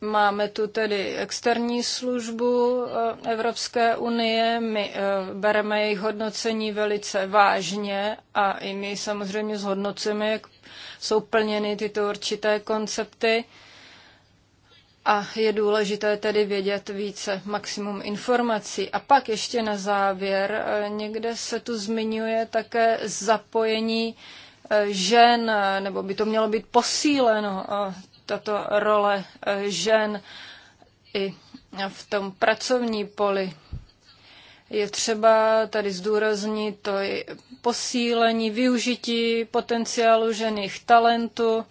Máme tu tedy externí službu eh, Evropské unie, my eh, bereme jejich hodnocení velice vážně a i my samozřejmě zhodnocujeme, jak jsou plněny tyto určité koncepty a je důležité tedy vědět více, maximum informací. A pak ještě na závěr, eh, někde se tu zmiňuje také zapojení eh, žen, eh, nebo by to mělo být posíleno, tato role žen i v tom pracovní poli. Je třeba tady zdůraznit to posílení, využití potenciálu žen, talentu,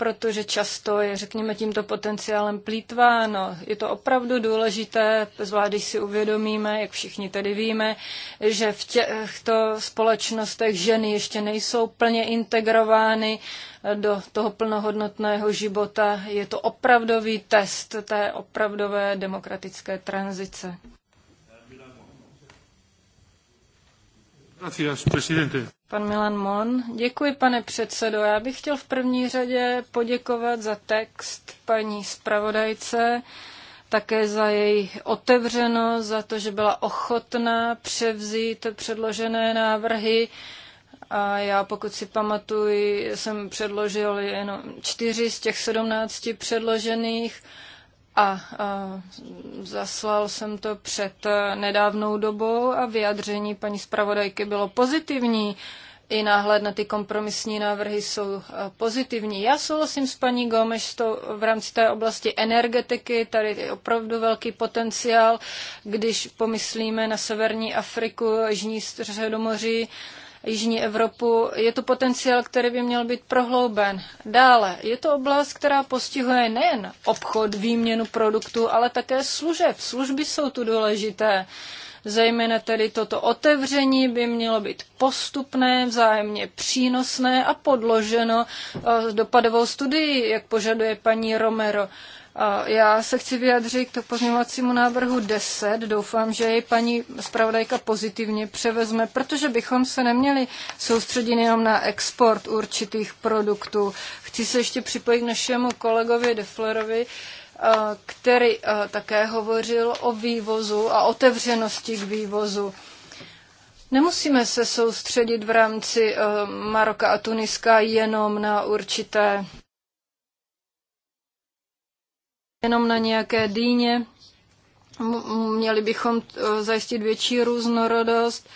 protože často je, řekněme, tímto potenciálem plítváno. Je to opravdu důležité, zvlášť když si uvědomíme, jak všichni tedy víme, že v těchto společnostech ženy ještě nejsou plně integrovány do toho plnohodnotného života. Je to opravdový test té opravdové demokratické tranzice. Gracias, presidente. Pan Milan Mon. Děkuji, pane předsedo. Já bych chtěl v první řadě poděkovat za text paní zpravodajce, také za její otevřenost, za to, že byla ochotná převzít předložené návrhy. A já, pokud si pamatuji, jsem předložil jenom čtyři z těch sedmnácti předložených a, zaslal jsem to před e, nedávnou dobou a vyjadření paní zpravodajky bylo pozitivní. I náhled na ty kompromisní návrhy jsou e, pozitivní. Já souhlasím s paní Gomeš v rámci té oblasti energetiky. Tady je opravdu velký potenciál, když pomyslíme na severní Afriku, jižní středomoří Jižní Evropu, je to potenciál, který by měl být prohlouben. Dále, je to oblast, která postihuje nejen obchod, výměnu produktů, ale také služeb. Služby jsou tu důležité. Zejména tedy toto otevření by mělo být postupné, vzájemně přínosné a podloženo eh, dopadovou studií, jak požaduje paní Romero. Já se chci vyjádřit k pozměňovacímu návrhu 10. Doufám, že jej paní zpravodajka pozitivně převezme, protože bychom se neměli soustředit jenom na export určitých produktů. Chci se ještě připojit k našemu kolegovi Deflerovi, eh, který eh, také hovořil o vývozu a otevřenosti k vývozu. Nemusíme se soustředit v rámci eh, Maroka a Tuniska jenom na určité jenom na nějaké dýně. Měli bychom eh, zajistit větší různorodost,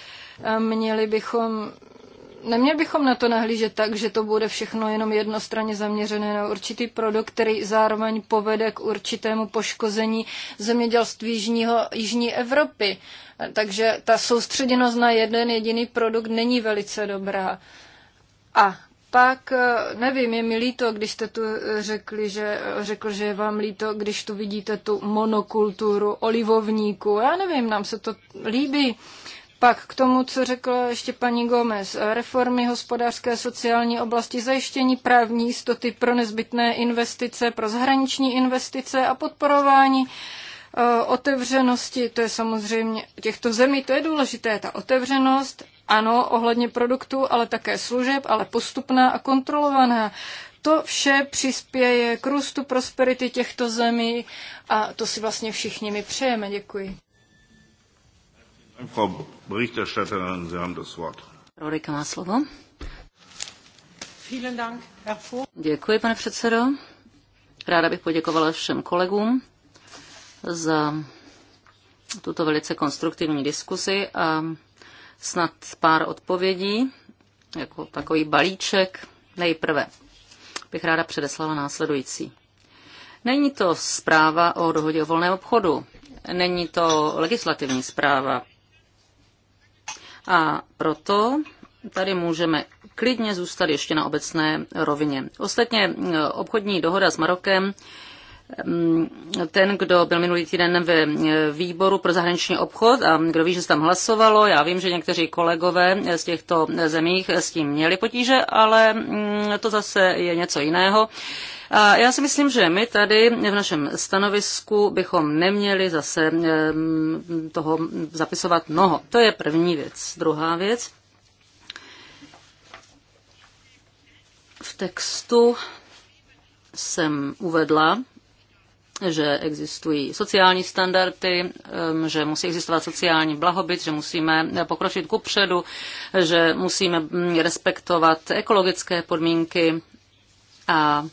měli bychom neměli bychom na to nahlížet tak, že to bude všechno jenom jednostranně zaměřené na určitý produkt, který zároveň povede k určitému poškození zemědělství jižního, Jižní Evropy. Takže ta soustředěnost na jeden jediný produkt není velice dobrá. A pak, eh, nevím, je mi líto, když jste tu eh, řekli, že, eh, řekl, že je vám líto, když tu vidíte tu monokulturu olivovníku. Já nevím, nám se to líbí. Pak k tomu, co řekla ještě paní Gomez, reformy hospodářské a sociální oblasti, zajištění právní jistoty pro nezbytné investice, pro zahraniční investice a podporování otevřenosti, to je samozřejmě těchto zemí, to je důležité, ta otevřenost ano, ohledně produktů, ale také služeb, ale postupná a kontrolovaná. To vše přispěje k růstu prosperity těchto zemí a to si vlastně všichni my přejeme. Děkuji. Frau Rorika má slovo. Děkuji, pane předsedo. Ráda bych poděkovala všem kolegům za tuto velice konstruktivní diskusi a snad pár odpovědí, jako takový balíček. Nejprve bych ráda předeslala následující. Není to zpráva o dohodě o volném obchodu, není to legislativní zpráva. A proto tady můžeme klidně zůstat ještě na obecné rovině. Ostatně e, obchodní dohoda s Marokem Ehm, ten, kdo byl minulý týden ve výboru pro zahraniční obchod a kdo ví, že se tam hlasovalo, já vím, že někteří kolegové z těchto zemích s tím měli potíže, ale mm, to zase je něco jiného. A já si myslím, že my tady v našem stanovisku bychom neměli zase ehm, toho zapisovat mnoho. To je první věc. Druhá věc. V textu jsem uvedla, že existují sociální standardy, že musí existovat sociální blahobyt, že musíme pokročit kupředu, že musíme mm, respektovat ekologické podmínky a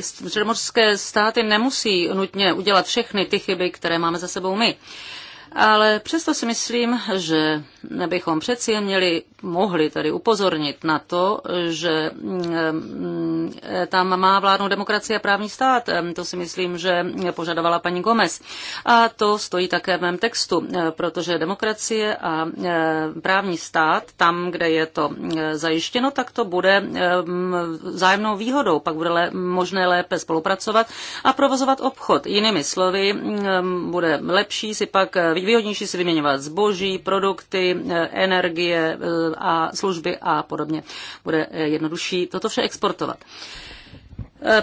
středomořské státy nemusí nutně udělat všechny ty chyby, které máme za sebou my ale přesto si myslím, že bychom přeci jen měli, mohli tady upozornit na to, že mm, tam má vládnout demokracie a právní stát. To si myslím, že požadovala paní Gomez. A to stojí také v mém textu, e, protože demokracie a e, právní stát, tam, kde je to e, zajištěno, tak to bude zájemnou výhodou. Pak bude možné lépe spolupracovat a provozovat obchod. Jinými slovy, bude lepší si pak výhodnější si vyměňovat zboží, produkty, eh, energie eh, a služby a podobně. Bude eh, jednodušší toto vše exportovat.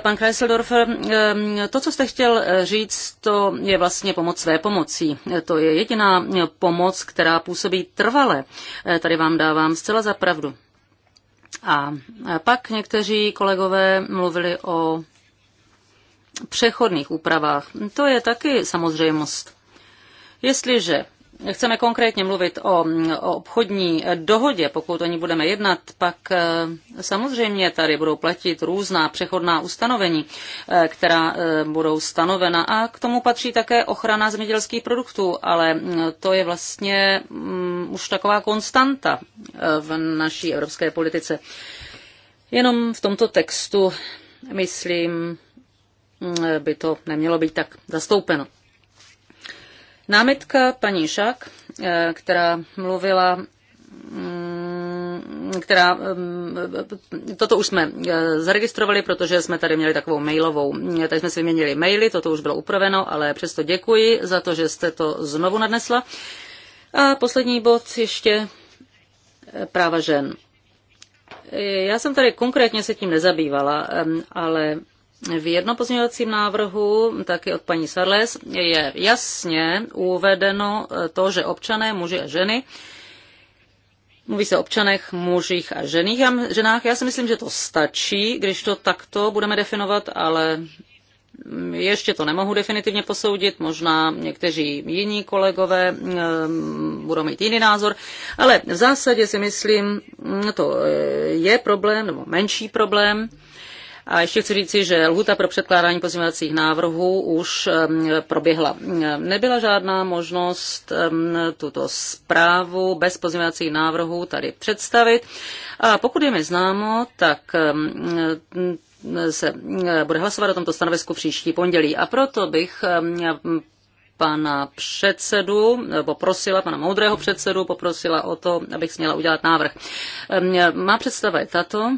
Pan Kreiseldorfer, mm, to, co jste chtěl říct, to je vlastně pomoc své pomocí. To je jediná pomoc, která působí trvale. Tady vám dávám zcela za pravdu. A pak někteří kolegové mluvili o přechodných úpravách. To je taky samozřejmost. Jestliže chceme konkrétně mluvit o, o obchodní dohodě, pokud o ní budeme jednat, pak eh, samozřejmě tady budou platit různá přechodná ustanovení, eh, která eh, budou stanovena a k tomu patří také ochrana zemědělských produktů, ale to je vlastně mm, už taková konstanta v naší evropské politice. Jenom v tomto textu, myslím, mm, by to nemělo být tak zastoupeno. Námitka paní Šak, eh, která mluvila mm, která, mm, toto už jsme eh, zaregistrovali, protože jsme tady měli takovou mailovou, eh, tady jsme si vyměnili maily, toto už bylo upraveno, ale přesto děkuji za to, že jste to znovu nadnesla. A poslední bod ještě práva žen. Já jsem tady konkrétně se tím nezabývala, ale v jednom pozměňovacím návrhu, taky od paní Sarles, je jasně uvedeno to, že občané, muži a ženy, Mluví se o občanech, mužích a ženích a ženách. Já si myslím, že to stačí, když to takto budeme definovat, ale ještě to nemohu definitivně posoudit, možná někteří jiní kolegové mm, budou mít jiný názor, ale v zásadě si myslím, to eh, je problém, nebo menší problém, a ještě chci říci, že lhuta pro předkládání pozměňovacích návrhů už proběhla. Nebyla žádná možnost tuto zprávu bez pozměňovacích návrhů tady představit. A pokud je mi známo, tak se e, bude hlasovat o tomto stanovisku příští pondělí. A proto bych pana předsedu, poprosila, pana moudrého předsedu, poprosila o to, abych směla udělat návrh. Má představa je tato,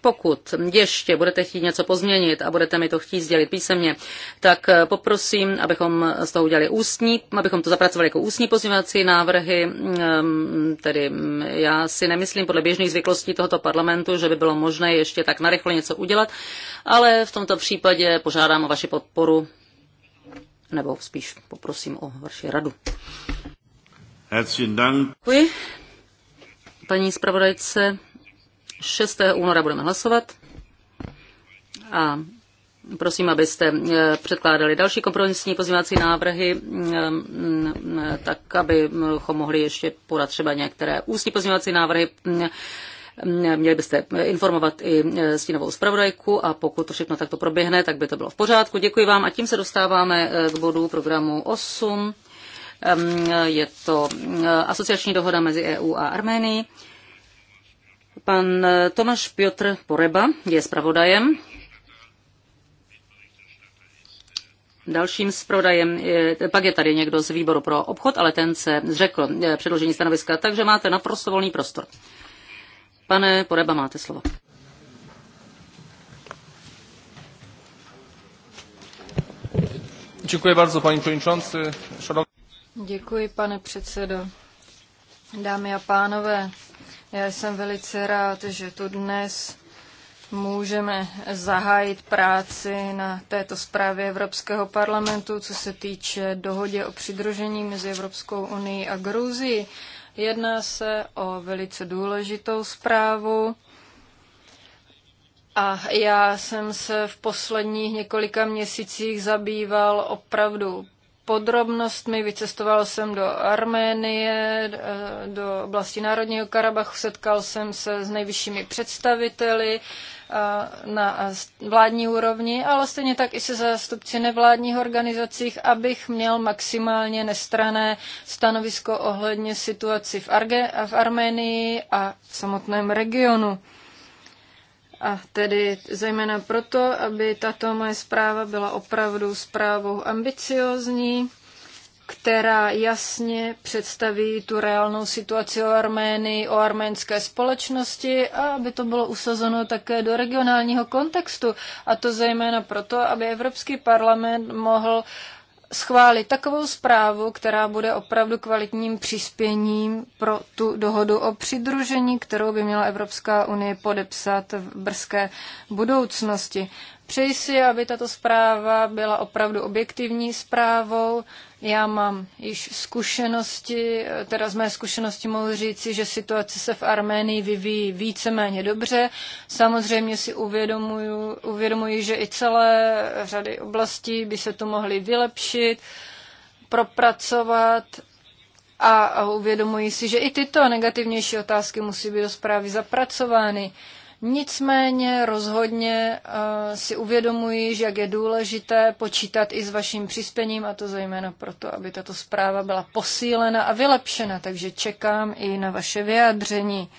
pokud ještě budete chtít něco pozměnit a budete mi to chtít sdělit písemně, tak eh, poprosím, abychom z toho udělali ústní, abychom to zapracovali jako ústní pozměňovací návrhy. Ehm, tedy mm, já si nemyslím podle běžných zvyklostí tohoto parlamentu, že by bylo možné ještě tak narychle něco udělat, ale v tomto případě požádám o vaši podporu nebo spíš poprosím o vaši radu. Děkuji. Paní zpravodajce, 6. února budeme hlasovat a prosím, abyste eh, předkládali další kompromisní pozměňovací návrhy, eh, mm, tak abychom mohli ještě podat třeba některé ústní pozměňovací návrhy. Mm, mm, měli byste informovat i eh, stínovou zpravodajku a pokud to všechno takto proběhne, tak by to bylo v pořádku. Děkuji vám a tím se dostáváme k bodu programu 8. Je to asociační dohoda mezi EU a Arménií. Pan eh, Tomáš Piotr Poreba je zpravodajem. Dalším zpravodajem pak je tady někdo z výboru pro obchod, ale ten se zřekl eh, předložení stanoviska, takže máte naprosto volný prostor. Pane Poreba, máte slovo. Děkuji bardzo, paní předsedající. Děkuji, pane předsedo. Dámy a pánové, já jsem velice rád, že tu dnes můžeme zahájit práci na této zprávě Evropského parlamentu, co se týče dohodě o přidružení mezi Evropskou unii a Gruzií. Jedná se o velice důležitou zprávu. A já jsem se v posledních několika měsících zabýval opravdu podrobnostmi. Vycestoval jsem do Arménie, eh, do oblasti Národního Karabachu, setkal jsem se s nejvyššími představiteli eh, na eh, vládní úrovni, ale stejně tak i se zástupci nevládních organizacích, abych měl maximálně nestrané stanovisko ohledně situaci v, Arge- v Arménii a v samotném regionu. A tedy zejména proto, aby tato moje zpráva byla opravdu zprávou ambiciozní, která jasně představí tu reálnou situaci o Arménii, o arménské společnosti a aby to bylo usazeno také do regionálního kontextu. A to zejména proto, aby Evropský parlament mohl uh, schválit takovou zprávu, která bude opravdu kvalitním přispěním pro tu dohodu o přidružení, kterou by měla Evropská unie podepsat v brzké budoucnosti. Přeji si, aby tato zpráva byla opravdu objektivní zprávou, já mám již zkušenosti, teda z mé zkušenosti mohu říci, že situace se v Arménii vyvíjí víceméně dobře. Samozřejmě si uvědomuji, uvědomuji, že i celé řady oblastí by se to mohly vylepšit, propracovat a uvědomuji si, že i tyto negativnější otázky musí být do zprávy zapracovány. Nicméně rozhodně eh, si uvědomuji, že jak je důležité počítat i s vaším přispěním, a to zejména proto, aby tato zpráva byla posílena a vylepšena, takže čekám i na vaše vyjádření.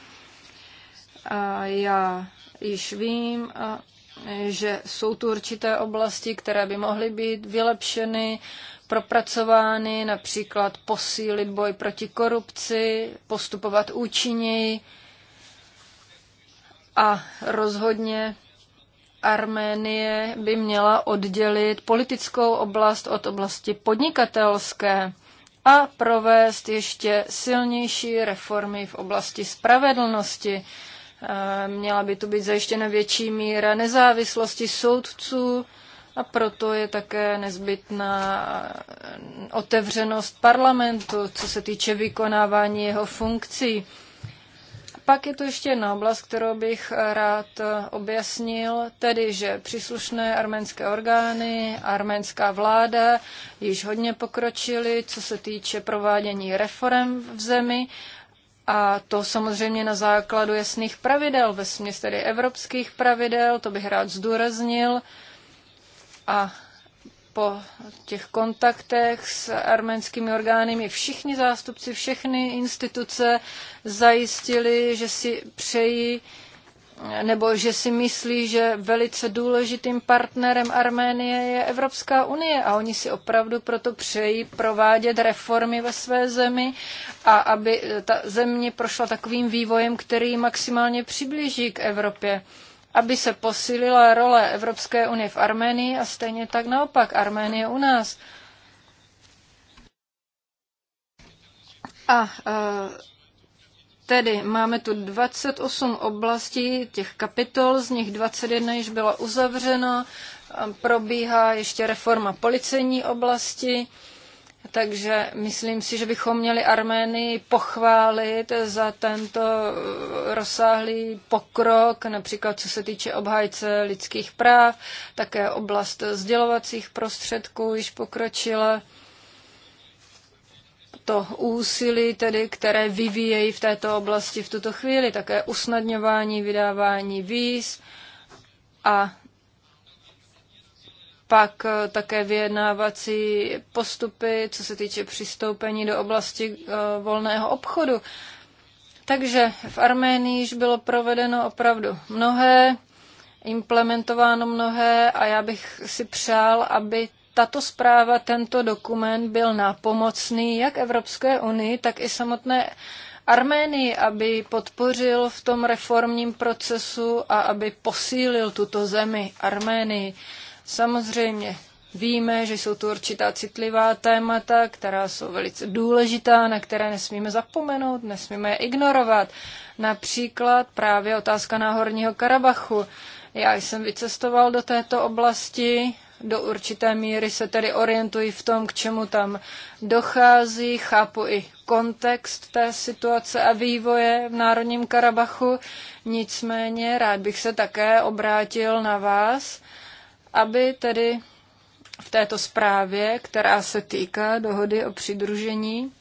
A já již vím, a eh, že jsou tu určité oblasti, které by mohly být vylepšeny, propracovány, například posílit boj proti korupci, postupovat účinněji, a rozhodně Arménie by měla oddělit politickou oblast od oblasti podnikatelské a provést ještě silnější reformy v oblasti spravedlnosti. Eh, měla by tu být zajištěna větší míra nezávislosti soudců a proto je také nezbytná eh, otevřenost parlamentu, co se týče vykonávání jeho funkcí. Pak je tu ještě jedna oblast, kterou bych rád objasnil, tedy, že příslušné arménské orgány, arménská vláda již hodně pokročily, co se týče provádění reform v zemi. A to samozřejmě na základu jasných pravidel, ve směs tedy evropských pravidel, to bych rád zdůraznil. A po těch kontaktech s arménskými orgány mi všichni zástupci, všechny instituce zajistili, že si přejí nebo že si myslí, že velice důležitým partnerem Arménie je Evropská unie a oni si opravdu proto přejí provádět reformy ve své zemi a aby ta země prošla takovým vývojem, který maximálně přiblíží k Evropě aby se posílila role Evropské unie v Arménii a stejně tak naopak Arménie u nás. A e, tedy máme tu 28 oblastí těch kapitol, z nich 21 již byla uzavřeno, probíhá ještě reforma policejní oblasti. Takže myslím si, že bychom měli Arménii pochválit za tento eh, rozsáhlý pokrok, například co se týče obhájce lidských práv, také oblast sdělovacích prostředků již pokročila. To úsilí, tedy, které vyvíjejí v této oblasti v tuto chvíli, také usnadňování vydávání víz a pak eh, také vyjednávací postupy, co se týče přistoupení do oblasti eh, volného obchodu. Takže v Arménii již bylo provedeno opravdu mnohé, implementováno mnohé a já bych si přál, aby tato zpráva, tento dokument byl nápomocný jak Evropské unii, tak i samotné Arménii, aby podpořil v tom reformním procesu a aby posílil tuto zemi Arménii. Samozřejmě víme, že jsou tu určitá citlivá témata, která jsou velice důležitá, na které nesmíme zapomenout, nesmíme je ignorovat. Například právě otázka Náhorního Karabachu. Já jsem vycestoval do této oblasti, do určité míry se tedy orientuji v tom, k čemu tam dochází, chápu i kontext té situace a vývoje v Národním Karabachu. Nicméně rád bych se také obrátil na vás aby tedy v této zprávě, která se týká dohody o přidružení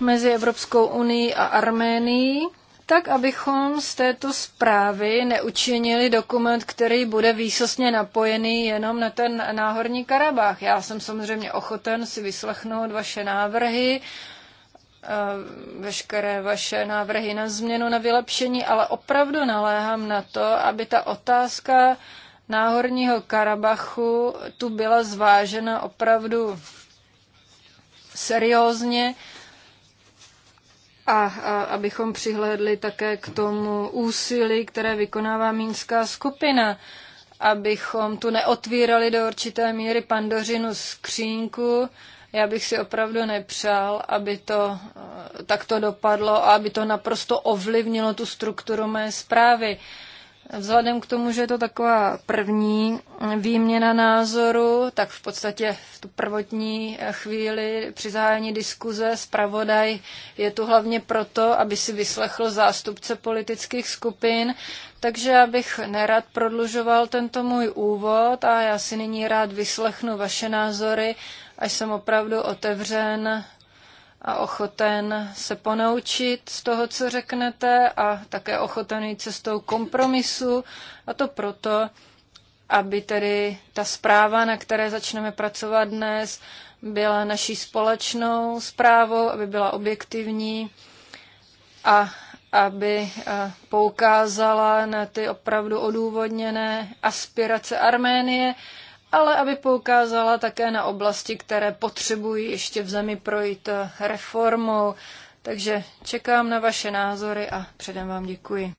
mezi Evropskou unii a Arménií, tak abychom z této zprávy neučinili dokument, který bude výsostně napojený jenom na ten náhorní Karabách. Já jsem samozřejmě ochoten si vyslechnout vaše návrhy, Eh, veškeré vaše návrhy na změnu, na vylepšení, ale opravdu naléhám na to, aby ta otázka Náhorního Karabachu tu byla zvážena opravdu seriózně a, a abychom přihlédli také k tomu úsilí, které vykonává Mínská skupina, abychom tu neotvírali do určité míry pandořinu skřínku, já bych si opravdu nepřál, aby to eh, takto dopadlo a aby to naprosto ovlivnilo tu strukturu mé zprávy. Vzhledem k tomu, že je to taková první výměna názoru, tak v podstatě v tu prvotní eh, chvíli při zahájení diskuze zpravodaj je tu hlavně proto, aby si vyslechl zástupce politických skupin, takže já bych nerad prodlužoval tento můj úvod a já si nyní rád vyslechnu vaše názory a jsem opravdu otevřen a ochoten se ponaučit z toho, co řeknete a také ochoten jít cestou kompromisu a to proto, aby tedy ta zpráva, na které začneme pracovat dnes, byla naší společnou zprávou, aby byla objektivní a aby eh, poukázala na ty opravdu odůvodněné aspirace Arménie, ale aby poukázala také na oblasti, které potřebují ještě v zemi projít reformou. Takže čekám na vaše názory a předem vám děkuji.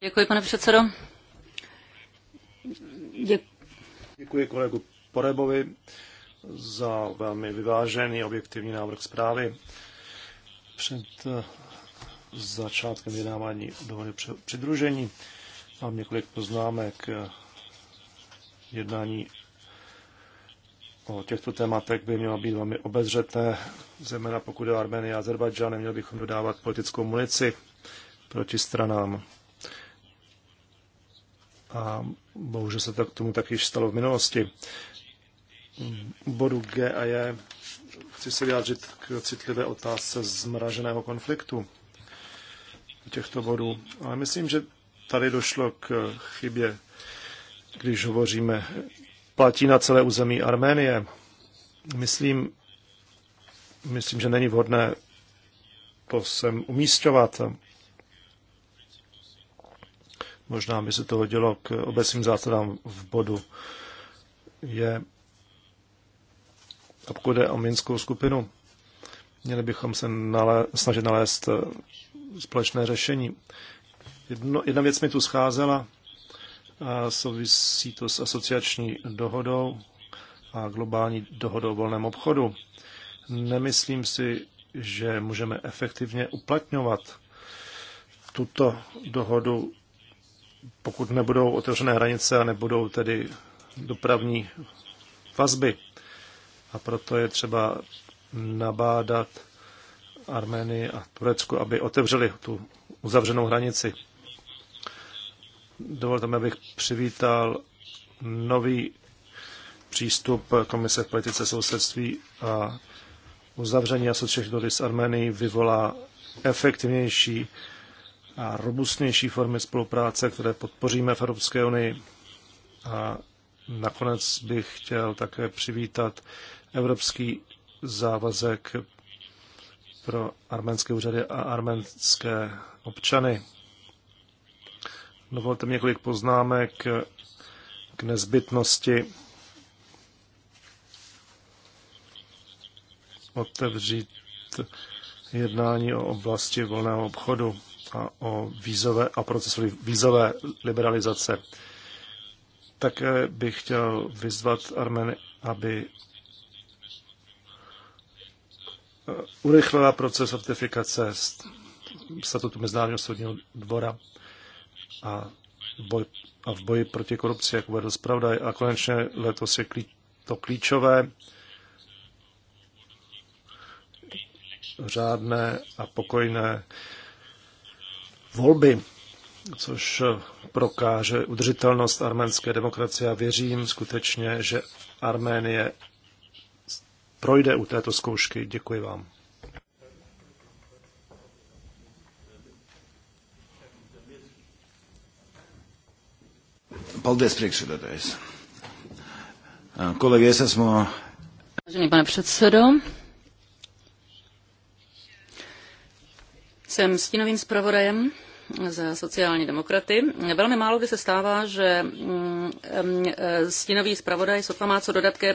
Děkuji, pane předsedo. Děkuji kolegu Porebovi za velmi vyvážený objektivní návrh zprávy před eh, začátkem vydávání dohody přidružení. Mám několik poznámek. Eh, jednání o těchto tématech by mělo být velmi obezřetné, zejména pokud je Armenie a Azerbajdžán, neměli bychom dodávat politickou munici proti stranám. A bohužel se tak tomu taky stalo v minulosti. Bodu G a je Chci se vyjádřit k citlivé otázce zmraženého konfliktu těchto bodů, ale myslím, že tady došlo k chybě, když hovoříme, platí na celé území Arménie. Myslím, myslím, že není vhodné to sem umístovat. Možná by se to hodilo k obecným zásadám v bodu. Je pokud jde o Minskou skupinu, měli bychom se nalé, snažit nalézt eh, společné řešení. Jedno, jedna věc mi tu scházela, a souvisí to s asociační dohodou a globální dohodou o volném obchodu. Nemyslím si, že můžeme efektivně uplatňovat tuto dohodu, pokud nebudou otevřené hranice a nebudou tedy dopravní vazby a proto je třeba nabádat Armenii a Turecku, aby otevřeli tu uzavřenou hranici. Dovolte mi, abych přivítal nový přístup Komise v politice sousedství a uzavření asociačních dohody s Armenií vyvolá efektivnější a robustnější formy spolupráce, které podpoříme v Evropské unii. A nakonec bych chtěl také přivítat evropský závazek pro arménské úřady a arménské občany. Dovolte mi několik poznámek k nezbytnosti otevřít jednání o oblasti volného obchodu a o vízové a procesu vízové liberalizace. Také bych chtěl vyzvat Armeny, aby urychlila proces certifikace statutu Mezinárodního soudního dvora a, boj, a v boji proti korupci, jak uvedl zpravodaj. A konečně letos je klí, to klíčové řádné a pokojné volby, což prokáže udržitelnost arménské demokracie a věřím skutečně, že Arménie projde u této zkoušky. Děkuji vám. Paldies, priekšsēdētājs. Kolēģi, Vážený pane předsedo, jsem stínovým zpravodajem za sociální demokraty. Velmi málo kdy se stává, že mm, mm, e, stínový zpravodaj sotva má co dodat ke e,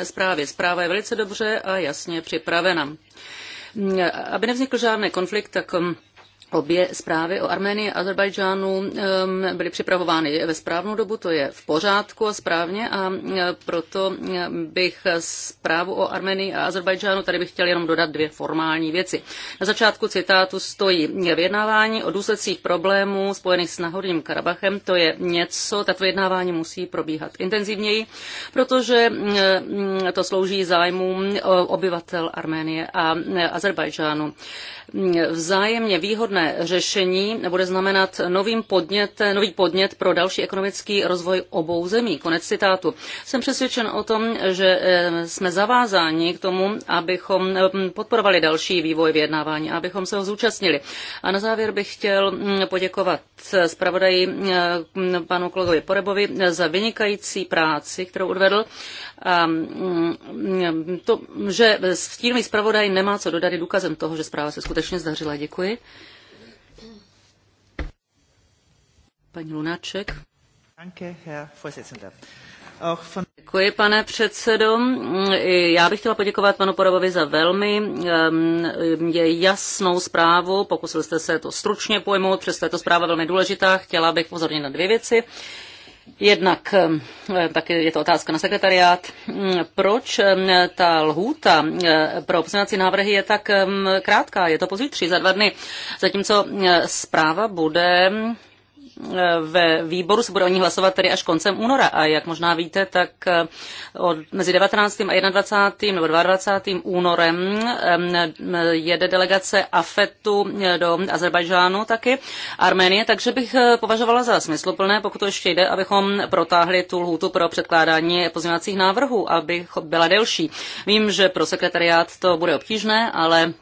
e, zprávě. Zpráva je velice dobře a jasně připravena. Mm, aby nevznikl žádný konflikt, tak Obě zprávy o Arménii a Azerbajdžánu byly připravovány ve správnou dobu, to je v pořádku a správně a e, proto e, bych zprávu o Arménii a Azerbajdžánu tady bych chtěl jenom dodat dvě formální věci. Na začátku citátu stojí vyjednávání o důsledcích problémů spojených s Nahorním Karabachem, to je něco, tato vyjednávání musí probíhat intenzivněji, protože e, to slouží zájmům obyvatel Arménie a Azerbajdžánu vzájemně výhodné řešení bude znamenat novým podnět, nový podnět pro další ekonomický rozvoj obou zemí. Konec citátu. Jsem přesvědčen o tom, že eh, jsme zavázáni k tomu, abychom eh, podporovali další vývoj vyjednávání, abychom se ho zúčastnili. A na závěr bych chtěl mm, poděkovat eh, zpravodaji mm, panu kolegovi Porebovi za vynikající práci, kterou odvedl. A mm, to, že stínový zpravodaj nemá co dodat, je důkazem toho, že zpráva se skutečně skutečně zdařila. Děkuji. Paní Lunáček. Děkuji, pane předsedo. Já bych chtěla poděkovat panu Porobovi za velmi jasnou zprávu. Pokusil jste se to stručně pojmout, přesto je to zpráva velmi důležitá. Chtěla bych pozornit na dvě věci. Jednak eh, tak je to otázka na sekretariát. Mm, proč eh, ta lhůta eh, pro pozměňovací návrhy je tak krátká? Je to pozítří za dva dny. Zatímco zpráva bude Eh, ve výboru se bude o ní hlasovat tedy až koncem února. A jak možná víte, tak eh, od, mezi 19. a 21. nebo 22. únorem eh, jede delegace AFETu do Azerbajžánu taky, Arménie, takže bych považovala za smysluplné, pokud to ještě jde, abychom protáhli tu lhůtu pro předkládání pozměňovacích návrhů, aby byla delší. Vím, že pro sekretariát to bude obtížné, ale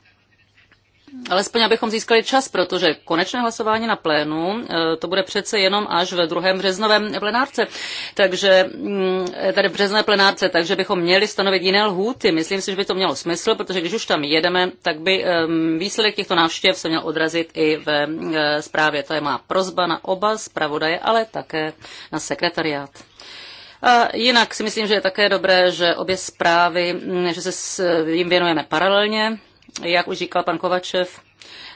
Alespoň abychom získali čas, protože konečné hlasování na plénu e, to bude přece jenom až ve druhém březnovém plenárce. Takže mm, e, tady březnové plenárce, takže bychom měli stanovit jiné lhůty. Myslím si, že by to mělo smysl, protože když už tam jedeme, tak by e, výsledek těchto návštěv se měl odrazit i ve zprávě. To je má prozba na oba zpravodaje, ale také na sekretariát. A jinak si myslím, že je také dobré, že obě zprávy, mm, že se jim věnujeme paralelně, jak už říkal pan Kovačev,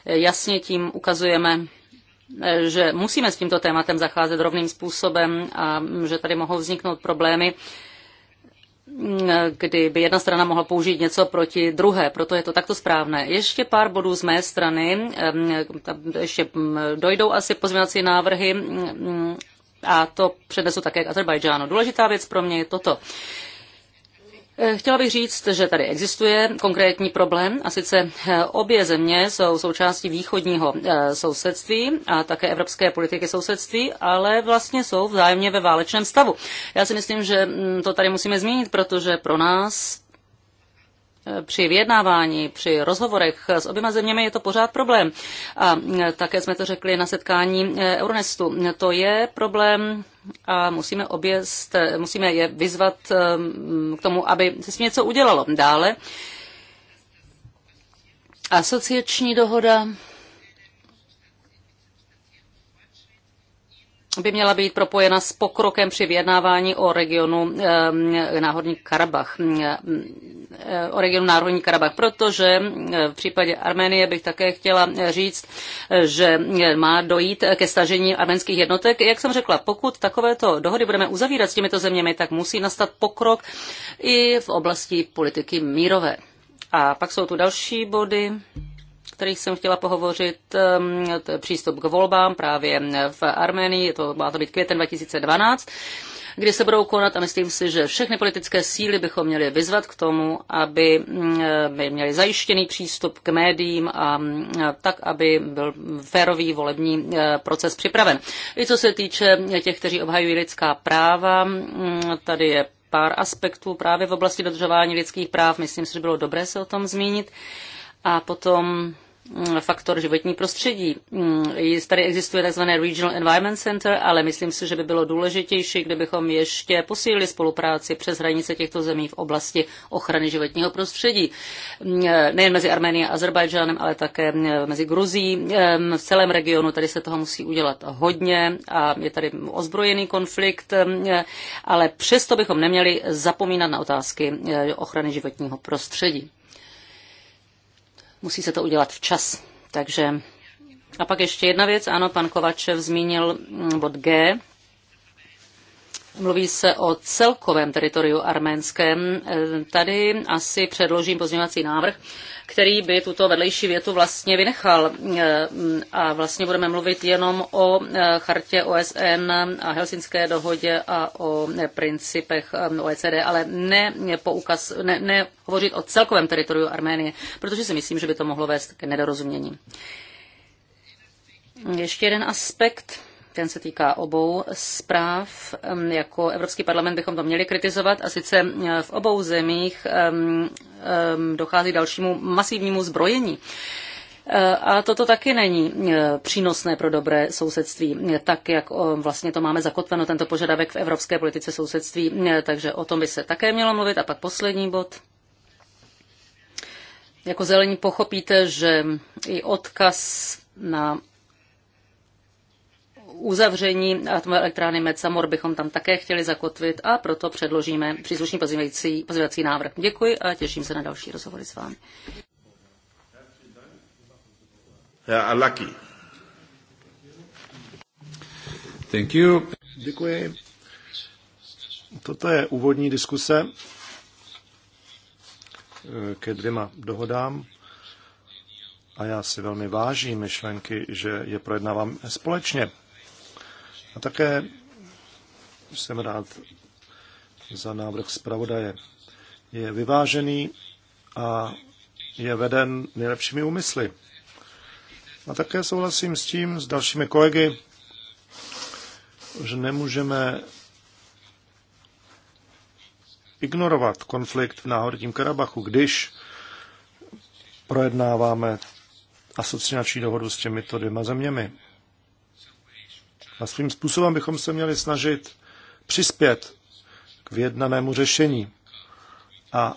jasně tím ukazujeme, že musíme s tímto tématem zacházet rovným způsobem a že tady mohou vzniknout problémy, kdy by jedna strana mohla použít něco proti druhé, proto je to takto správné. Ještě pár bodů z mé strany, ještě dojdou asi pozměňovací návrhy a to přednesu také k Azerbajdžánu. Důležitá věc pro mě je toto. Chtěla bych říct, že tady existuje konkrétní problém a sice eh, obě země jsou součástí východního eh, sousedství a také evropské politiky sousedství, ale vlastně jsou vzájemně ve válečném stavu. Já si myslím, že mm, to tady musíme zmínit, protože pro nás při vyjednávání, při rozhovorech s oběma zeměmi je to pořád problém. A také jsme to řekli na setkání eh, Euronestu. To je problém a musíme, oběst, musíme je vyzvat ehm, k tomu, aby se s něco udělalo. Dále asociační dohoda by měla být propojena s pokrokem při vyjednávání o regionu eh, Náhorní Karabach. Eh, o regionu Náhorní Karabach, protože v případě Arménie bych také chtěla říct, že má dojít ke stažení arménských jednotek. Jak jsem řekla, pokud takovéto dohody budeme uzavírat s těmito zeměmi, tak musí nastat pokrok i v oblasti politiky mírové. A pak jsou tu další body kterých jsem chtěla pohovořit, ehm, přístup k volbám právě v Armenii, to má to být květen 2012 kdy se budou konat a myslím si, že všechny politické síly bychom měli vyzvat k tomu, aby ehm, by měli zajištěný přístup k médiím a tak, aby byl férový volební eh, proces připraven. I co se týče těch, kteří obhajují lidská práva, mm, tady je pár aspektů právě v oblasti dodržování lidských práv. Myslím si, že bylo dobré se o tom zmínit. A potom faktor životní prostředí. Mm, tady existuje tzv. Regional Environment Center, ale myslím si, že by bylo důležitější, kdybychom ještě posílili spolupráci přes hranice těchto zemí v oblasti ochrany životního prostředí. Mm, nejen mezi Arménií a Azerbajdžánem, ale také mm, mezi Gruzí. V celém regionu tady se toho musí udělat hodně a je tady ozbrojený konflikt, ale přesto bychom neměli zapomínat na otázky ochrany životního prostředí. Musí se to udělat včas. Takže a pak ještě jedna věc, ano, pan Kovačev zmínil mm, bod G, Mluví se o celkovém teritoriu arménském. Tady asi předložím pozměňovací návrh, který by tuto vedlejší větu vlastně vynechal. A vlastně budeme mluvit jenom o chartě OSN a Helsinské dohodě a o principech OECD, ale ne, poukaz, ne, ne hovořit o celkovém teritoriu Arménie, protože si myslím, že by to mohlo vést k nedorozumění. Ještě jeden aspekt ten se týká obou zpráv. Jako Evropský parlament bychom to měli kritizovat a sice v obou zemích dochází dalšímu masivnímu zbrojení. E, a toto taky není e, přínosné pro dobré sousedství, e, tak jak vlastně to máme zakotveno, tento požadavek v evropské politice sousedství, takže o tom by se také mělo mluvit. A pak poslední bod. Jako zelení pochopíte, že i odkaz na uzavření atomové elektrárny Metsamor bychom tam také chtěli zakotvit a proto předložíme příslušný pozměňovací návrh. Děkuji a těším se na další rozhovory s vámi. Alaki. Thank you. Děkuji. Toto je úvodní diskuse ke dvěma dohodám. A já si velmi vážím myšlenky, že je projednávám společně. A také jsem rád za návrh zpravodaje. Je vyvážený a je veden nejlepšími úmysly. A také souhlasím s tím, s dalšími kolegy, že nemůžeme ignorovat konflikt v Náhorním Karabachu, když projednáváme asociační dohodu s těmito dvěma zeměmi. A svým způsobem bychom se měli snažit přispět k vyjednanému řešení a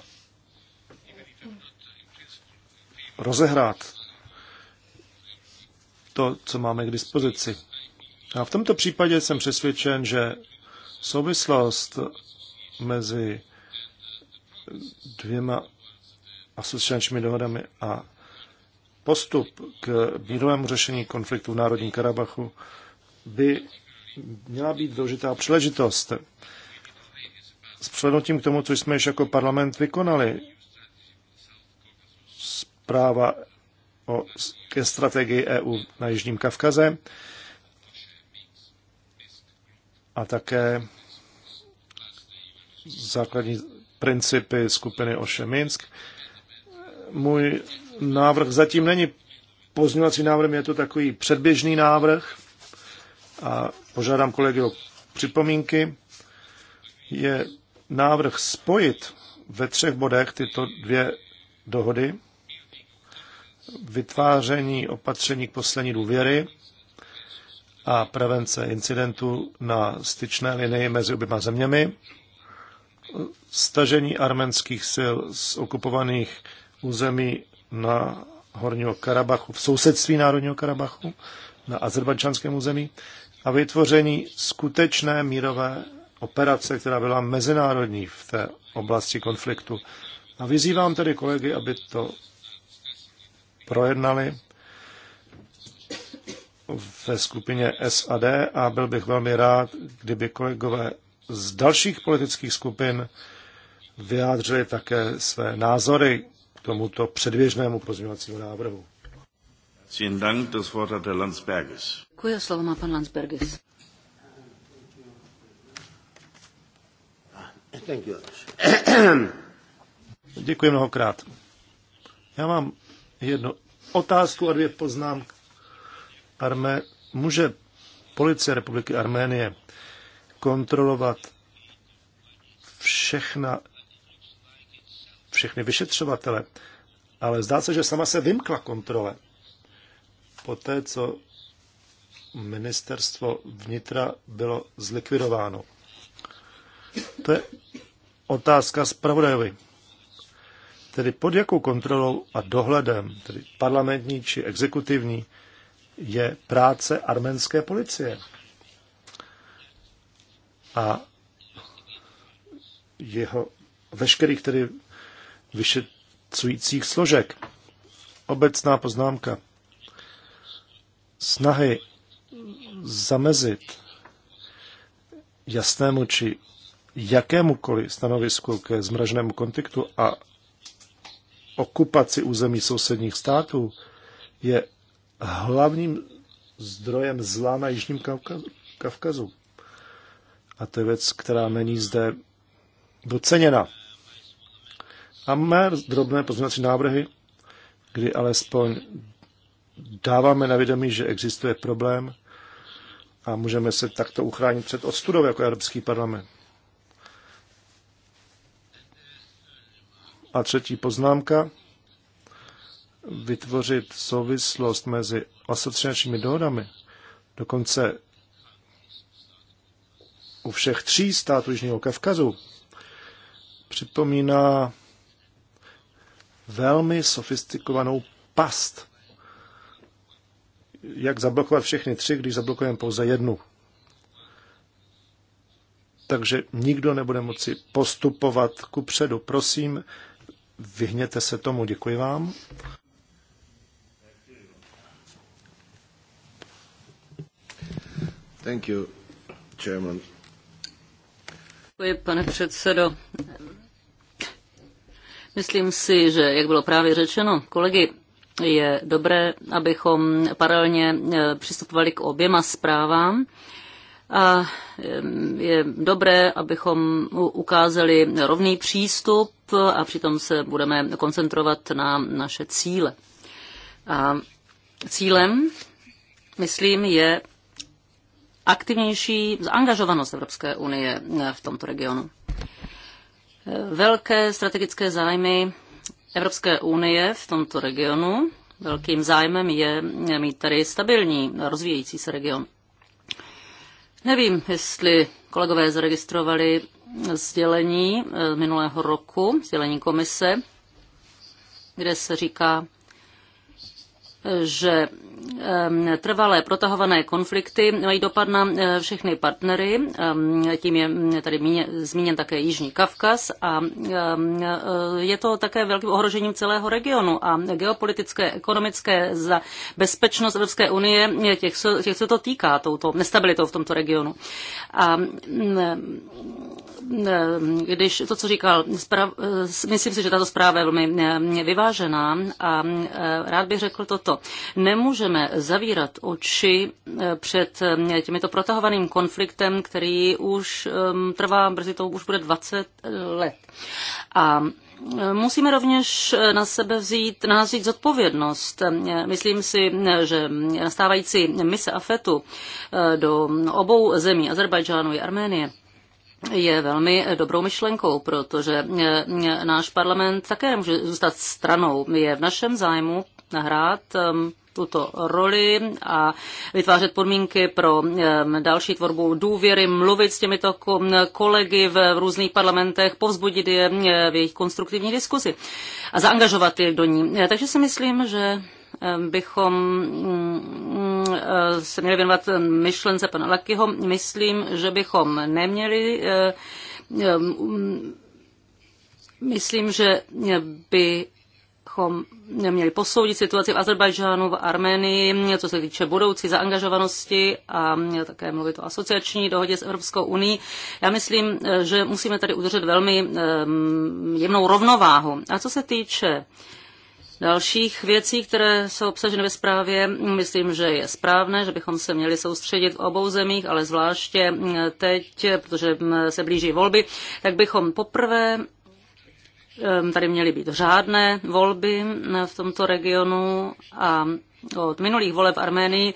rozehrát to, co máme k dispozici. A v tomto případě jsem přesvědčen, že souvislost mezi dvěma asociačními dohodami a postup k mírovému řešení konfliktu v národním Karabachu by měla být důležitá příležitost s přelenutím k tomu, co jsme již jako parlament vykonali. Zpráva o, ke strategii EU na Jižním Kavkaze a také základní principy skupiny Oše Minsk. Můj návrh zatím není pozňovací návrh, je to takový předběžný návrh, a požádám kolegy o připomínky, je návrh spojit ve třech bodech tyto dvě dohody, vytváření opatření k poslední důvěry a prevence incidentů na styčné linii mezi oběma zeměmi, stažení arménských sil z okupovaných území na Horního Karabachu, v sousedství Národního Karabachu, na azerbajdžanském území, a vytvoření skutečné mírové operace, která byla mezinárodní v té oblasti konfliktu. A vyzývám tedy kolegy, aby to projednali ve skupině SAD a byl bych velmi rád, kdyby kolegové z dalších politických skupin vyjádřili také své názory k tomuto předběžnému pozměňovacímu návrhu. Vielen Dank, das Wort hat Landsbergis. Děkuji, slovo má pan Landsbergis. Děkuji mnohokrát. Já mám jednu otázku a dvě poznámky. Armé, může policie Republiky Arménie kontrolovat všechna, všechny vyšetřovatele, ale zdá se, že sama se vymkla kontrole. Poté, co ministerstvo vnitra bylo zlikvidováno. To je otázka zpravodajovi. Tedy pod jakou kontrolou a dohledem, tedy parlamentní či exekutivní, je práce arménské policie. A jeho veškerých tedy vyšetřujících složek. Obecná poznámka. Snahy zamezit jasnému či jakémukoliv stanovisku ke zmraženému kontaktu a okupaci území sousedních států je hlavním zdrojem zla na Jižním Kavkazu. A to je věc, která není zde doceněna. A mé drobné pozměňovací návrhy, kdy alespoň dáváme na vědomí, že existuje problém a můžeme se takto uchránit před odstudou jako Evropský parlament. A třetí poznámka, vytvořit souvislost mezi asociačními dohodami, dokonce u všech tří států Jižního Kavkazu, připomíná velmi sofistikovanou past, jak zablokovat všechny tři, když zablokujeme pouze jednu. Takže nikdo nebude moci postupovat ku předu. Prosím, vyhněte se tomu. Děkuji vám. Thank you, chairman. Děkuji, pane předsedo. Myslím si, že, jak bylo právě řečeno, kolegy, je dobré, abychom paralelně eh, přistupovali k oběma zprávám. A eh, je dobré, abychom ukázali rovný přístup a přitom se budeme koncentrovat na naše cíle. A cílem, myslím, je aktivnější zaangažovanost Evropské unie eh, v tomto regionu. Velké strategické zájmy Evropské unie v tomto regionu. Velkým zájmem je mít tady stabilní rozvíjející se region. Nevím, jestli kolegové zaregistrovali sdělení eh, minulého roku, sdělení komise, kde se říká, že trvalé protahované konflikty mají dopad na e, všechny partnery. Tím je tady zmíněn také Jižní Kavkaz a e, je to také velkým ohrožením celého regionu a geopolitické, ekonomické za bezpečnost Evropské unie, těch, těch se to týká touto nestabilitou v tomto regionu. A Eh, když to, co říkal, eh, myslím si, že tato zpráva je velmi eh, vyvážená a rád bych řekl toto. Nemůžeme zavírat oči před těmito protahovaným konfliktem, který už ehm, trvá, brzy to už bude 20 let. A Musíme rovněž na sebe vzít, na nás vzít zodpovědnost. Myslím si, že nastávající mise AFETu do obou zemí, Azerbajdžánu i Arménie, je velmi dobrou myšlenkou, protože eh, eh, náš parlament také nemůže zůstat stranou. Je v našem zájmu nahrát ehm, tuto roli a vytvářet podmínky pro ehm, další tvorbu důvěry, mluvit s těmito kolegy v různých parlamentech, povzbudit je eh, v jejich konstruktivní diskuzi a zaangažovat je do ní. Takže si myslím, že Ehm, bychom mm, eh, se měli věnovat myšlence pana Lakyho. Myslím, že bychom neměli eh, ehm, mm, Myslím, že by bychom měli posoudit situaci v Azerbajdžánu, v Arménii, co se týče budoucí zaangažovanosti a také mluvit o asociační dohodě s Evropskou uní. Já myslím, eh, že musíme tady udržet velmi ehm, jemnou rovnováhu. A co se týče dalších věcí, které jsou obsaženy ve zprávě, myslím, že je správné, že bychom se měli soustředit v obou zemích, ale zvláště mm, teď, protože mm, se blíží volby, tak bychom poprvé mm, tady měly být řádné volby v tomto regionu a od minulých voleb v Arménii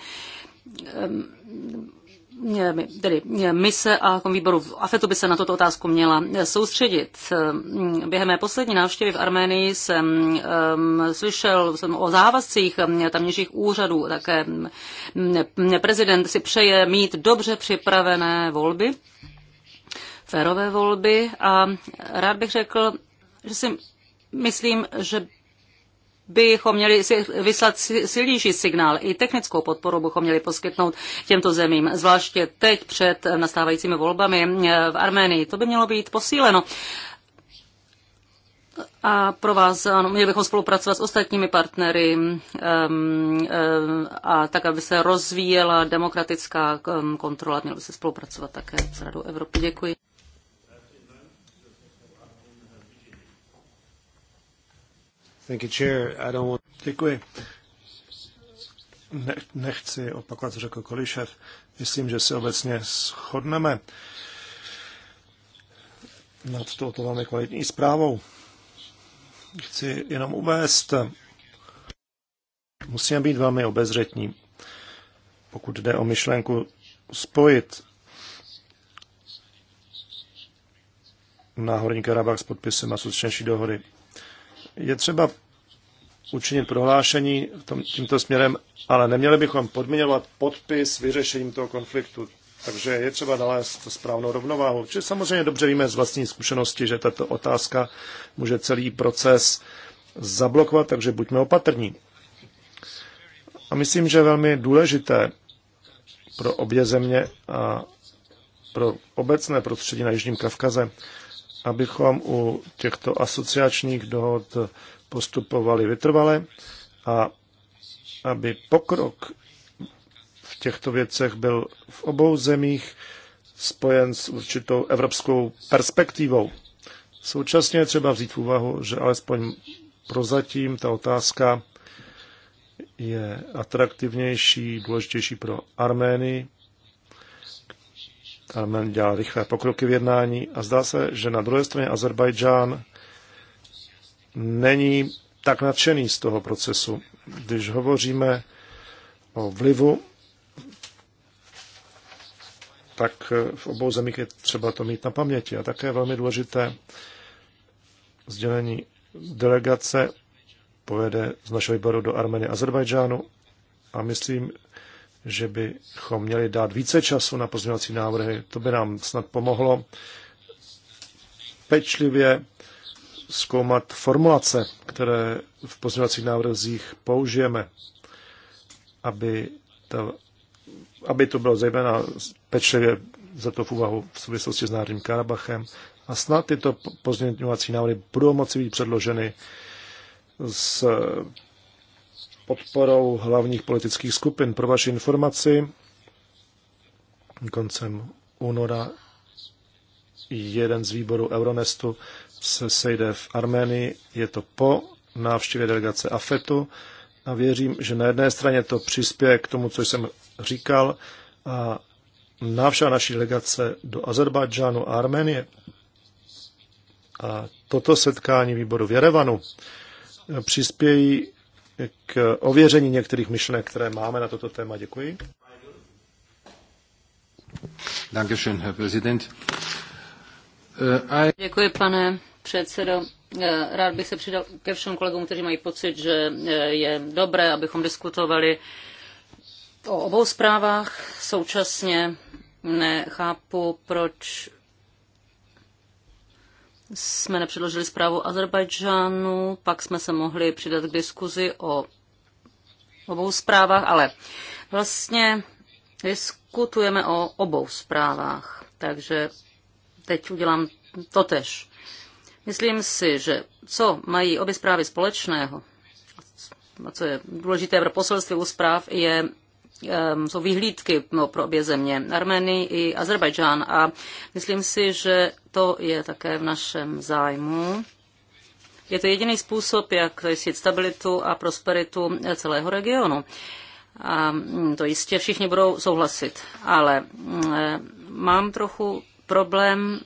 tedy e, mise a jako výboru v AFETu by se na tuto otázku měla e, soustředit. E, během mé poslední návštěvy v Arménii jsem slyšel jsem o závazcích tamnějších úřadů. Také prezident si přeje mít dobře připravené volby, férové volby a rád bych řekl, že si myslím, že bychom měli vyslat silnější signál. I technickou podporu bychom měli poskytnout těmto zemím, zvláště teď před nastávajícími volbami eh, v Arménii. To by mělo být posíleno. A pro vás, ano, měli bychom spolupracovat s ostatními partnery um, um, a tak, aby se rozvíjela demokratická ehm, kontrola, Měli by se spolupracovat také s Radou Evropy. Děkuji. Děkuji. Ne, nechci opakovat, co řekl Kolišev. Myslím, že se obecně shodneme nad touto velmi kvalitní zprávou. Chci jenom uvést, musíme být velmi obezřetní, pokud jde o myšlenku spojit náhorní Karabach s podpisem asociační dohody. Je třeba učinit prohlášení tom, tímto směrem, ale neměli bychom podmiňovat podpis vyřešením toho konfliktu. Takže je třeba nalézt správnou rovnováhu. Či samozřejmě dobře víme z vlastní zkušenosti, že tato otázka může celý proces zablokovat, takže buďme opatrní. A myslím, že je velmi důležité pro obě země a pro obecné prostředí na Jižním Kavkaze, abychom u těchto asociačních dohod postupovali vytrvale a aby pokrok v těchto věcech byl v obou zemích spojen s určitou evropskou perspektivou. Současně je třeba vzít v úvahu, že alespoň prozatím ta otázka je atraktivnější, důležitější pro Arménii Armen dělá rychlé pokroky v jednání a zdá se, že na druhé straně Azerbajdžán není tak nadšený z toho procesu. Když hovoříme o vlivu, tak v obou zemích je třeba to mít na paměti. A také velmi důležité sdělení delegace povede z našeho výboru do Armenie Azerbajdžánu a myslím, že bychom měli dát více času na pozměňovací návrhy. To by nám snad pomohlo pečlivě zkoumat formulace, které v pozměňovacích návrzích použijeme, aby, to, aby to bylo zejména pečlivě za to v úvahu v souvislosti s Národním Karabachem. A snad tyto pozměňovací návrhy budou moci být předloženy s podporou hlavních politických skupin. Pro vaši informaci, koncem února jeden z výborů Euronestu se sejde v Arménii. Je to po návštěvě delegace AFETu a věřím, že na jedné straně to přispěje k tomu, co jsem říkal, a návštěva naší delegace do Azerbajdžánu a Arménie a toto setkání výboru v Jerevanu přispějí k ověření některých myšlenek, které máme na toto téma. Děkuji. Äh, Děkuji, pane předsedo. Äh, rád bych se přidal ke všem kolegům, kteří mají pocit, že äh, je dobré, abychom diskutovali o obou zprávách. Současně nechápu, proč jsme nepředložili zprávu Azerbajdžánu, pak jsme se mohli přidat k diskuzi o obou zprávách, ale vlastně diskutujeme o obou zprávách, takže teď udělám to tež. Myslím si, že co mají obě zprávy společného, a co je důležité pro poselství u zpráv, je Ehm, jsou vyhlídky no, pro obě země, Armenii i Azerbajdžán. A myslím si, že to je také v našem zájmu. Je to jediný způsob, jak zajistit stabilitu a prosperitu celého regionu. A mm, to jistě všichni budou souhlasit. Ale mm, eh, mám trochu problém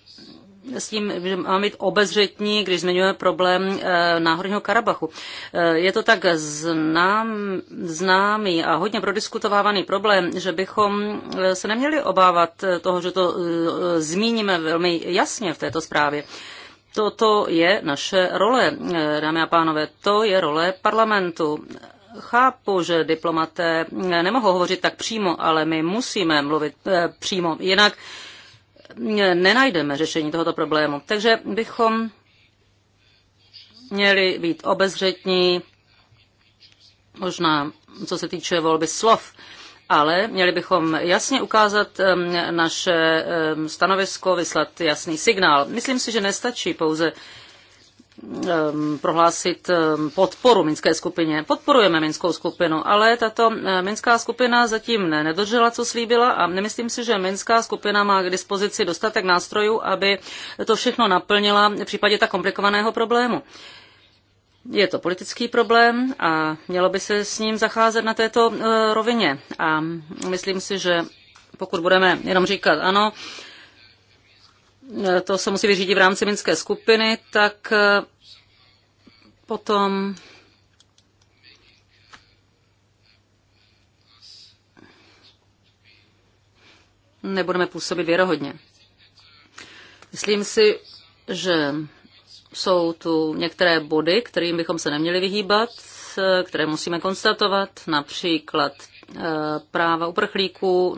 s tím že máme být obezřetní, když zmiňujeme problém eh, Náhorního Karabachu. Eh, je to tak znám, známý a hodně prodiskutovávaný problém, že bychom eh, se neměli obávat toho, že to zmíníme velmi jasně v této zprávě. Toto je naše role, dámy a pánové, to je role parlamentu chápu, že diplomaté nemohou hovořit tak přímo, ale my musíme mluvit přímo. Jinak nenajdeme řešení tohoto problému. Takže bychom měli být obezřetní, možná co se týče volby slov, ale měli bychom jasně ukázat naše stanovisko, vyslat jasný signál. Myslím si, že nestačí pouze Um, prohlásit um, podporu Minské skupině. Podporujeme Minskou skupinu, ale tato uh, Minská skupina zatím nedodržela, co slíbila a nemyslím si, že Minská skupina má k dispozici dostatek nástrojů, aby to všechno naplnila v případě tak komplikovaného problému. Je to politický problém a mělo by se s ním zacházet na této uh, rovině. A myslím si, že pokud budeme jenom říkat ano, Eh, to se musí vyřídit v rámci Minské skupiny, tak eh, potom nebudeme působit věrohodně. Myslím si, že jsou tu některé body, kterým bychom se neměli vyhýbat, eh, které musíme konstatovat, například práva uprchlíků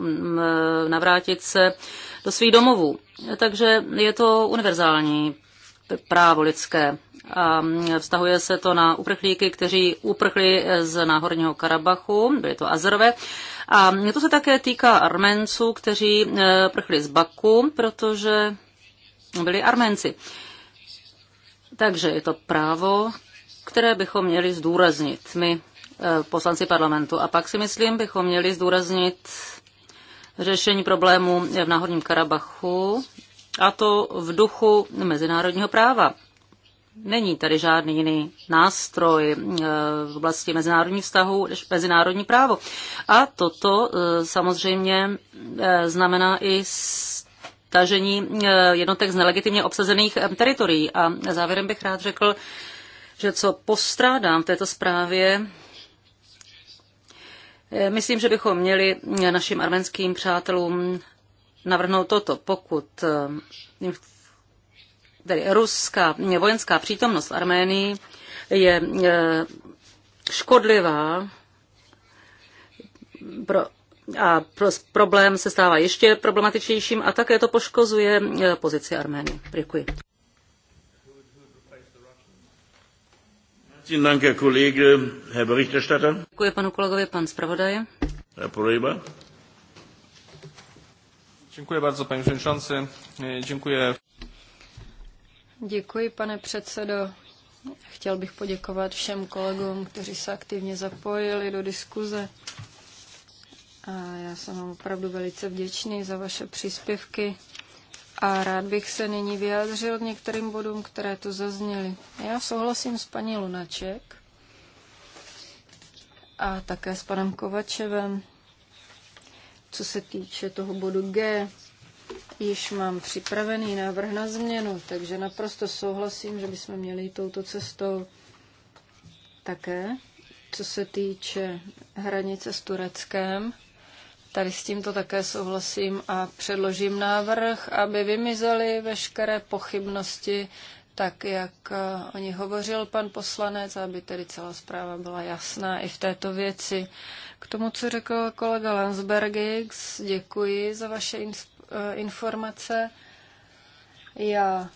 navrátit se do svých domovů. Takže je to univerzální právo lidské. A vztahuje se to na uprchlíky, kteří uprchli z Náhorního Karabachu, byli to Azerové. A to se také týká Arménců, kteří eh, prchli z Baku, protože byli Arménci. Takže je to právo, které bychom měli zdůraznit my, eh, poslanci parlamentu. A pak si myslím, bychom měli zdůraznit řešení problémů v Náhorním Karabachu, a to v duchu mezinárodního práva. Není tady žádný jiný nástroj eh, v oblasti mezinárodních vztahů než mezinárodní právo. A toto eh, samozřejmě eh, znamená i stažení jednotek z nelegitimně obsazených teritorií. A závěrem bych rád řekl, že co postrádám v této zprávě, Eh, myslím, že bychom měli eh, našim arménským přátelům navrhnout toto. Pokud eh, tedy ruská vojenská přítomnost v Arménii je škodlivá pro a problém se stává ještě problematičnějším a také to poškozuje pozici Armény. Děkuji. Děkuji panu kolegovi, pan zpravodaj. Děkuji bardzo, paní předsedající. Děkuji. Děkuji, pane předsedo. Chtěl bych poděkovat všem kolegům, kteří se aktivně zapojili do diskuze. A já jsem vám opravdu velice vděčný za vaše příspěvky a rád bych se nyní vyjádřil k některým bodům, které tu zazněly. Já souhlasím s paní Lunaček a také s panem Kovačevem, co se týče toho bodu G. Již mám připravený návrh na změnu, takže naprosto souhlasím, že bychom měli touto cestou také. Co se týče hranice s Tureckem, Tady s tímto také souhlasím a předložím návrh, aby vymizely veškeré pochybnosti, tak jak eh, o ní hovořil pan poslanec, aby tedy celá zpráva byla jasná i v této věci. K tomu, co řekl kolega Landsbergix, děkuji za vaše eh, informace. Já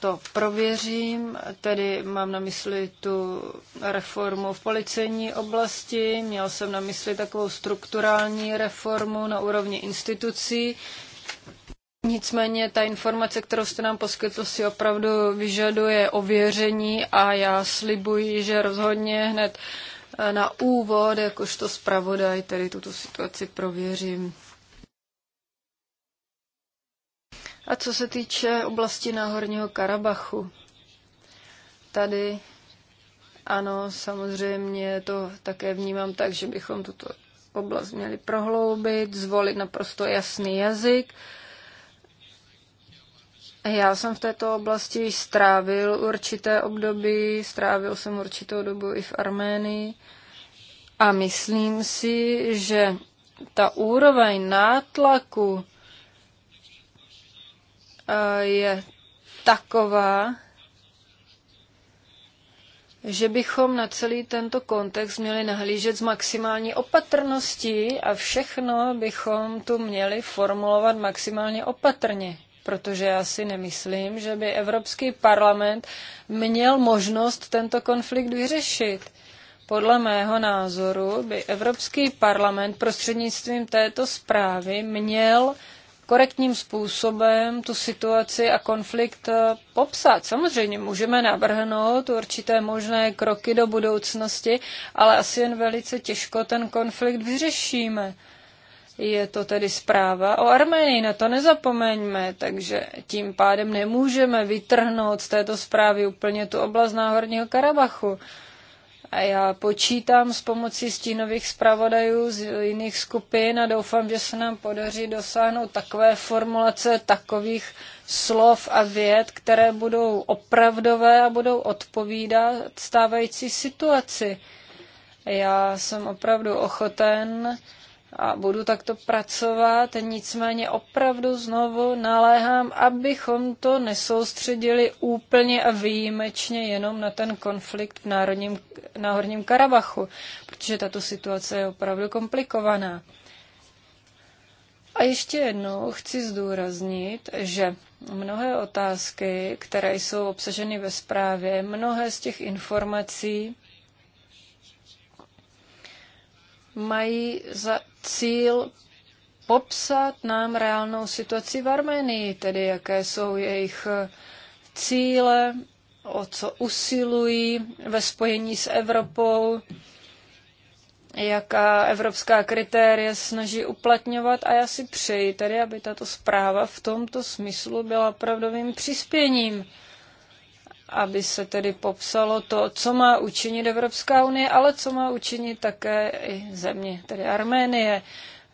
to prověřím, tedy mám na mysli tu reformu v policejní oblasti, měl jsem na mysli takovou strukturální reformu na úrovni institucí. Nicméně ta informace, kterou jste nám poskytl, si opravdu vyžaduje ověření a já slibuji, že rozhodně hned na úvod, jakožto zpravodaj, tedy tuto situaci prověřím. A co se týče oblasti Náhorního Karabachu, tady ano, samozřejmě to také vnímám tak, že bychom tuto oblast měli prohloubit, zvolit naprosto jasný jazyk. Já jsem v této oblasti strávil určité období, strávil jsem určitou dobu i v Arménii a myslím si, že ta úroveň nátlaku je taková, že bychom na celý tento kontext měli nahlížet s maximální opatrností a všechno bychom tu měli formulovat maximálně opatrně. Protože já si nemyslím, že by Evropský parlament měl možnost tento konflikt vyřešit. Podle mého názoru by Evropský parlament prostřednictvím této zprávy měl korektním způsobem tu situaci a konflikt eh, popsat. Samozřejmě můžeme navrhnout určité možné kroky do budoucnosti, ale asi jen velice těžko ten konflikt vyřešíme. Je to tedy zpráva o Armenii, na to nezapomeňme, takže tím pádem nemůžeme vytrhnout z této zprávy úplně tu oblast Náhorního Karabachu. A já počítám s pomocí stínových zpravodajů z jiných skupin a doufám, že se nám podaří dosáhnout takové formulace, takových slov a věd, které budou opravdové a budou odpovídat stávající situaci. Já jsem opravdu ochoten a budu takto pracovat, nicméně opravdu znovu naléhám, abychom to nesoustředili úplně a výjimečně jenom na ten konflikt v Národním, Náhorním Karabachu, protože tato situace je opravdu komplikovaná. A ještě jednou chci zdůraznit, že mnohé otázky, které jsou obsaženy ve zprávě, mnohé z těch informací, mají za cíl popsat nám reálnou situaci v Armenii, tedy jaké jsou jejich cíle, o co usilují ve spojení s Evropou, jaká evropská kritéria snaží uplatňovat a já si přeji tedy, aby tato zpráva v tomto smyslu byla pravdovým přispěním aby se tedy popsalo to, co má učinit Evropská unie, ale co má učinit také i země, tedy Arménie.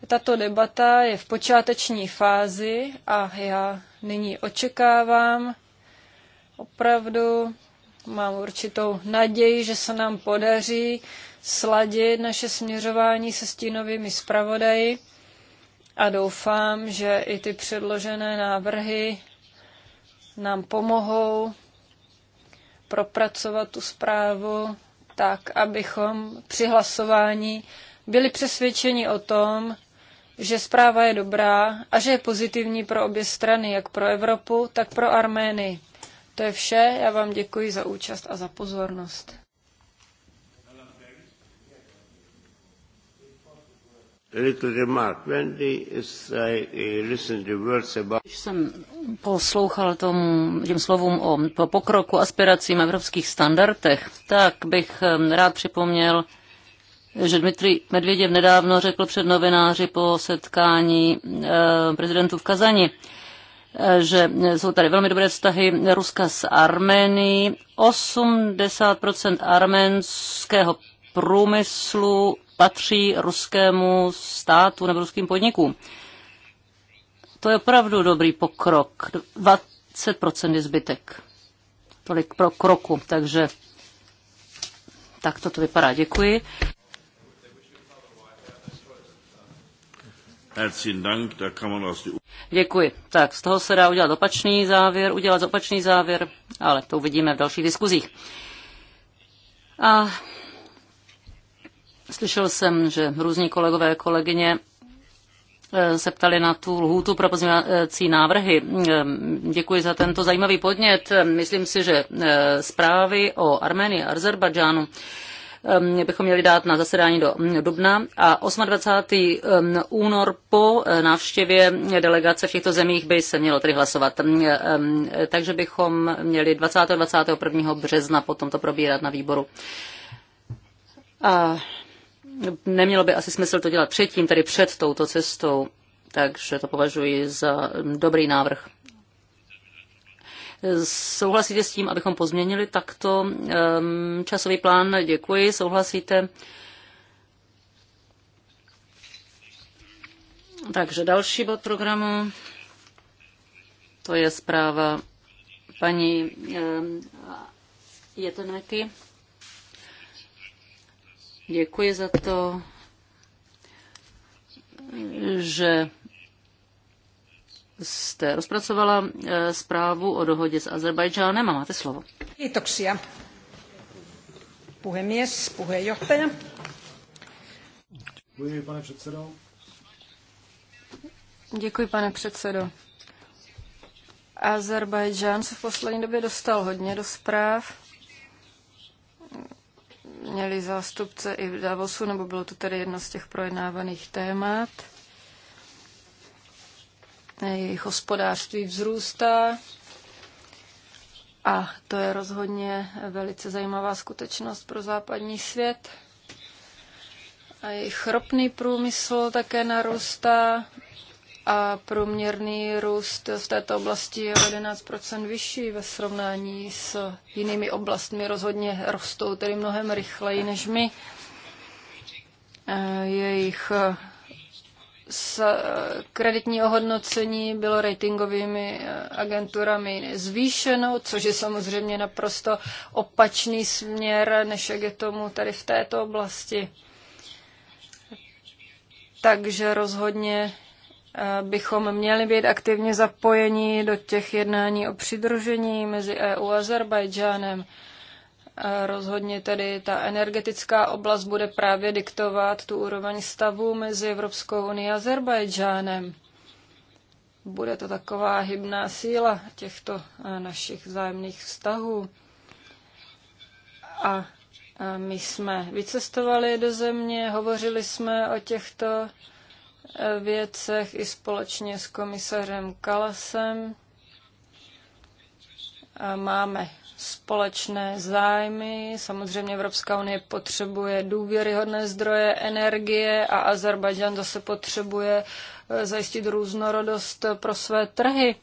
Tato debata je v počáteční fázi a já nyní očekávám opravdu, mám určitou naději, že se nám podaří sladit naše směřování se stínovými zpravodaji a doufám, že i ty předložené návrhy nám pomohou propracovat tu zprávu tak, abychom při hlasování byli přesvědčeni o tom, že zpráva je dobrá a že je pozitivní pro obě strany, jak pro Evropu, tak pro Armény. To je vše, já vám děkuji za účast a za pozornost. Eh, Když jsem poslouchal tomu, těm slovům o pokroku, aspiracím evropských standardech, tak bych rád připomněl, že Dmitry Medvěděv nedávno řekl před novináři po setkání eh, prezidentů v Kazani, eh, že jsou tady velmi dobré vztahy Ruska s Arménií. 80% arménského průmyslu patří ruskému státu nebo ruským podnikům. To je opravdu dobrý pokrok. 20% je zbytek. Tolik pro kroku, takže tak toto vypadá. Děkuji. Děkuji. Tak z toho se dá udělat opačný závěr, udělat opačný závěr, ale to uvidíme v dalších diskuzích. A Slyšel jsem, že různí kolegové, kolegyně eh, se ptali na tu lhůtu pro pozměňovací návrhy. Eh, děkuji za tento zajímavý podnět. Eh, myslím si, že zprávy o Arménii a Azerbajdžánu bychom měli dát na zasedání do hm, dubna a 28. Hm, únor po návštěvě delegace v těchto zemích by se mělo tedy hlasovat. Hm, takže bychom měli 20. 21. března potom to probírat na výboru. A nemělo by asi smysl to dělat předtím, tedy před touto cestou, takže to považuji za dobrý návrh. Souhlasíte s tím, abychom pozměnili takto časový plán? Děkuji, souhlasíte. Takže další bod programu, to je zpráva paní Jeteneky. Um, Děkuji za to, že jste rozpracovala eh, zprávu o dohodě s Azerbajdžánem a máte slovo. Kiitoksia. Puhemies, puheenjohtaja. Děkuji, pane předsedo. Děkuji, pane předsedo. Azerbajdžán se v poslední době dostal hodně do zpráv měli zástupce i v Davosu, nebo bylo to tedy jedno z těch projednávaných témat. Jejich hospodářství vzrůstá a to je rozhodně velice zajímavá skutečnost pro západní svět. A jejich ropný průmysl také narůstá a průměrný růst v této oblasti je o 11 vyšší ve srovnání s jinými oblastmi. Rozhodně rostou tedy mnohem rychleji než my. E, jejich e, e, kreditní ohodnocení bylo ratingovými agenturami zvýšeno, což je samozřejmě naprosto opačný směr, než jak je tomu tady v této oblasti. Takže rozhodně Eh, bychom měli být aktivně zapojeni do těch jednání o přidružení mezi EU a Azerbajdžánem. Eh, rozhodně tedy ta energetická oblast bude právě diktovat tu úroveň stavu mezi Evropskou unii a Azerbajdžánem. Bude to taková hybná síla těchto eh, našich vzájemných vztahů. A my jsme vycestovali do země, hovořili jsme o těchto věcech i společně s komisařem Kalasem. Máme společné zájmy. Samozřejmě Evropská unie potřebuje důvěryhodné zdroje energie a Azerbajdžán zase potřebuje eh, zajistit různorodost pro své trhy.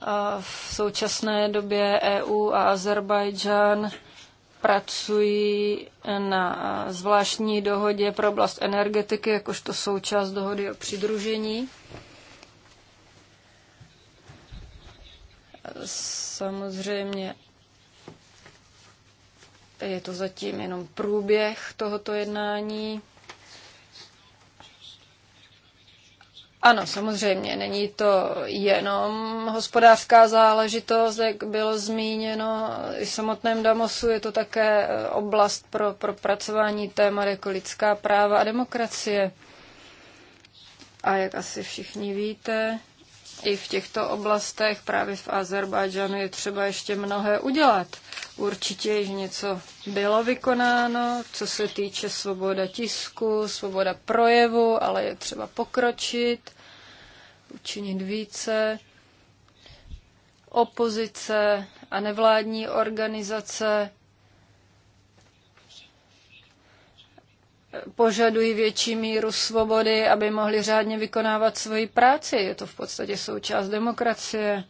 A v současné době EU a Azerbajdžán pracují na zvláštní dohodě pro oblast energetiky, jakožto součást dohody o přidružení. Samozřejmě je to zatím jenom průběh tohoto jednání. Ano, samozřejmě, není to jenom hospodářská záležitost, jak bylo zmíněno i v samotném Damosu, je to také eh, oblast pro propracování témat jako lidská práva a demokracie. A jak asi všichni víte, i v těchto oblastech, právě v Azerbajdžanu, je třeba ještě mnohé udělat. Určitě již něco bylo vykonáno, co se týče svoboda tisku, svoboda projevu, ale je třeba pokročit učinit více. Opozice a nevládní organizace požadují větší míru svobody, aby mohli řádně vykonávat svoji práci. Je to v podstatě součást demokracie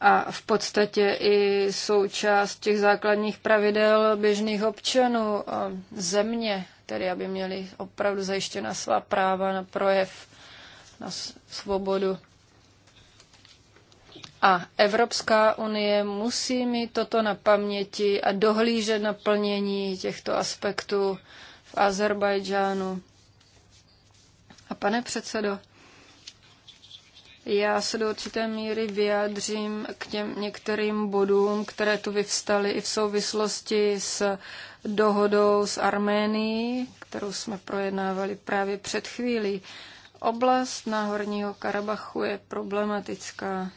a v podstatě i součást těch základních pravidel běžných občanů země, tedy aby měli opravdu zajištěna svá práva na projev na svobodu. A Evropská unie musí mít toto na paměti a dohlížet na plnění těchto aspektů v Azerbajdžánu. A pane předsedo, já se do určité míry vyjádřím k těm některým bodům, které tu vyvstaly i v souvislosti s dohodou s Arménií, kterou jsme projednávali právě před chvílí. Oblast Náhorního Karabachu je problematická.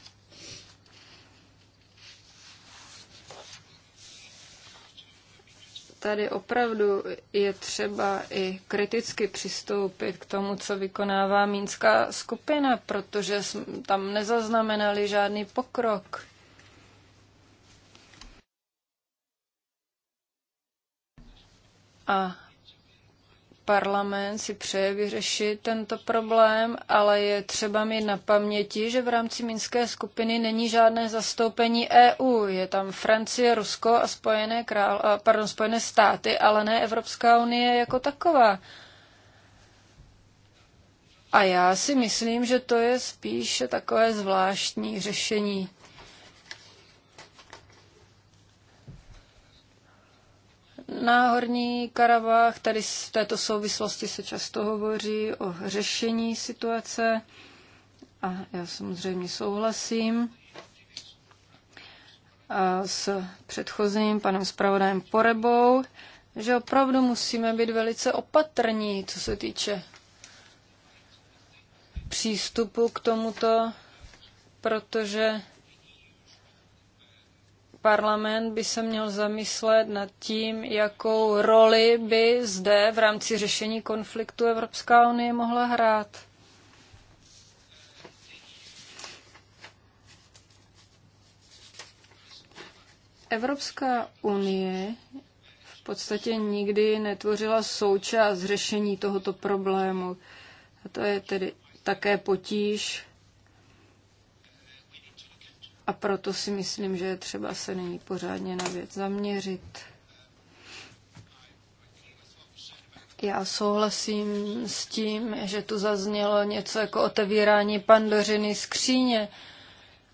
Tady opravdu je třeba i kriticky přistoupit k tomu, co vykonává Mínská skupina, protože tam nezaznamenali žádný pokrok. A parlament si přeje vyřešit tento problém, ale je třeba mít na paměti, že v rámci Minské skupiny není žádné zastoupení EU. Je tam Francie, Rusko a Spojené, král, pardon, Spojené státy, ale ne Evropská unie jako taková. A já si myslím, že to je spíše takové zvláštní řešení. Náhorní Karabach, tady v této souvislosti se často hovoří o řešení situace a já samozřejmě souhlasím a s předchozím panem zpravodajem Porebou, že opravdu musíme být velice opatrní, co se týče přístupu k tomuto, protože parlament by se měl zamyslet nad tím, jakou roli by zde v rámci řešení konfliktu Evropská unie mohla hrát. Evropská unie v podstatě nikdy netvořila součást řešení tohoto problému. A to je tedy také potíž a proto si myslím, že je třeba se nyní pořádně na věc zaměřit. Já souhlasím s tím, že tu zaznělo něco jako otevírání pandořiny skříně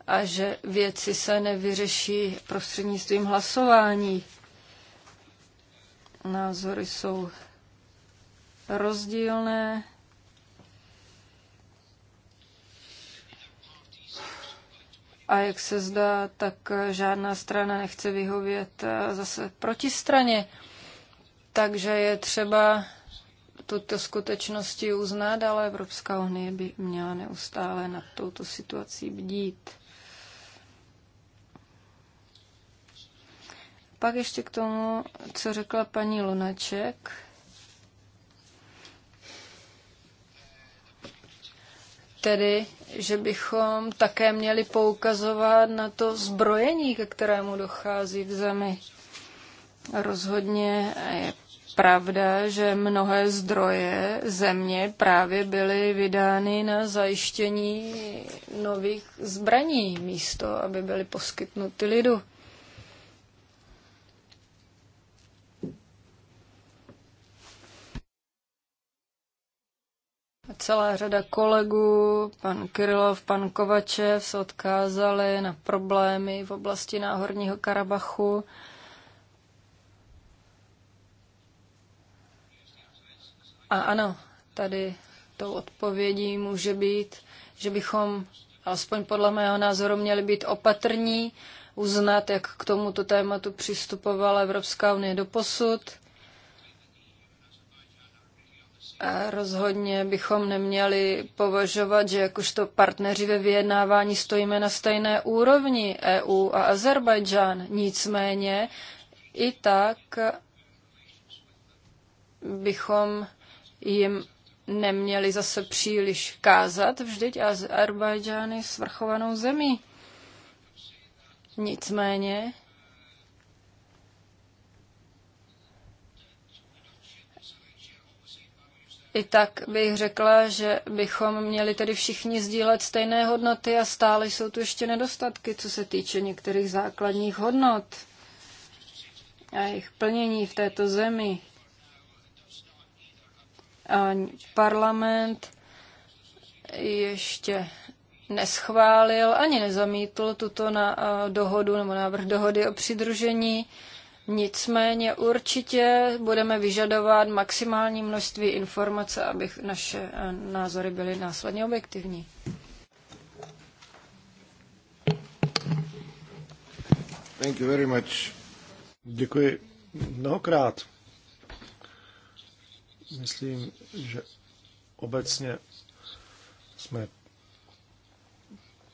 a že věci se nevyřeší prostřednictvím hlasování. Názory jsou rozdílné. a jak se zdá, tak žádná strana nechce vyhovět eh, zase protistraně. Takže je třeba tuto skutečnosti uznat, ale Evropská unie by měla neustále nad touto situací bdít. Pak ještě k tomu, co řekla paní Lunaček. Tedy že bychom také měli poukazovat na to zbrojení, ke kterému dochází v zemi. Rozhodně je pravda, že mnohé zdroje země právě byly vydány na zajištění nových zbraní místo, aby byly poskytnuty lidu. Celá řada kolegů, pan Kirilov, pan Kovačev se odkázali na problémy v oblasti Náhorního Karabachu. A ano, tady tou odpovědí může být, že bychom, alespoň podle mého názoru, měli být opatrní, uznat, jak k tomuto tématu přistupovala Evropská unie do posud – a rozhodně bychom neměli považovat, že jakožto partneři ve vyjednávání stojíme na stejné úrovni EU a Azerbajdžán. Nicméně i tak bychom jim neměli zase příliš kázat. Vždyť Azerbajdžán je svrchovanou zemí. Nicméně I tak bych řekla, že bychom měli tedy všichni sdílet stejné hodnoty a stále jsou tu ještě nedostatky, co se týče některých základních hodnot a jejich plnění v této zemi. A parlament ještě neschválil ani nezamítl tuto na, dohodu nebo návrh dohody o přidružení. Nicméně určitě budeme vyžadovat maximální množství informace, aby naše eh, názory byly následně objektivní. Thank you very much. Děkuji mnohokrát. Myslím, že obecně jsme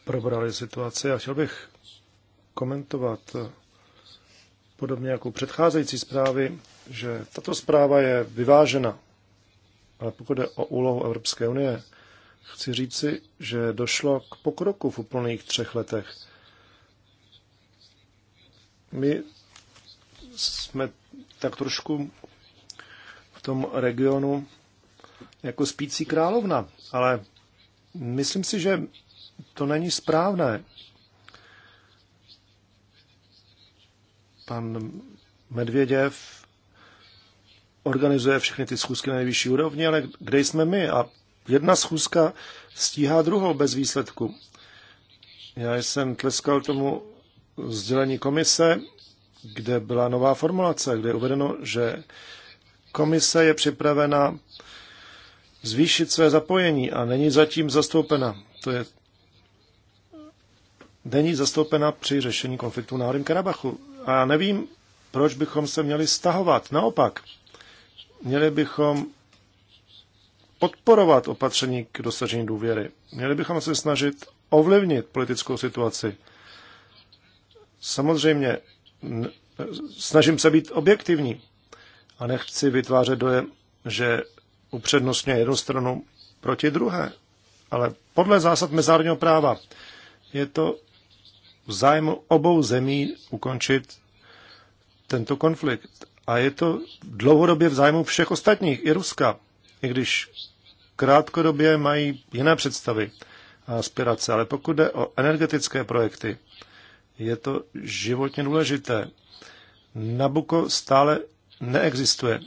probrali situaci a chtěl bych komentovat podobně jako předcházející zprávy, že tato zpráva je vyvážena. Ale pokud jde o úlohu Evropské unie, chci říci, že došlo k pokroku v úplných třech letech. My jsme tak trošku v tom regionu jako spící královna, ale myslím si, že to není správné, pan Medvěděv organizuje všechny ty schůzky na nejvyšší úrovni, ale kde jsme my? A jedna schůzka stíhá druhou bez výsledku. Já jsem tleskal tomu sdělení komise, kde byla nová formulace, kde je uvedeno, že komise je připravena zvýšit své zapojení a není zatím zastoupena. To je není zastoupena při řešení konfliktu na Horém Karabachu. A já nevím, proč bychom se měli stahovat. Naopak, měli bychom podporovat opatření k dosažení důvěry. Měli bychom se snažit ovlivnit politickou situaci. Samozřejmě, snažím se být objektivní a nechci vytvářet dojem, že upřednostně jednu stranu proti druhé. Ale podle zásad mezinárodního práva je to v zájmu obou zemí ukončit tento konflikt. A je to dlouhodobě v zájmu všech ostatních, i Ruska, i když krátkodobě mají jiné představy a aspirace. Ale pokud jde o energetické projekty, je to životně důležité. Nabuko stále neexistuje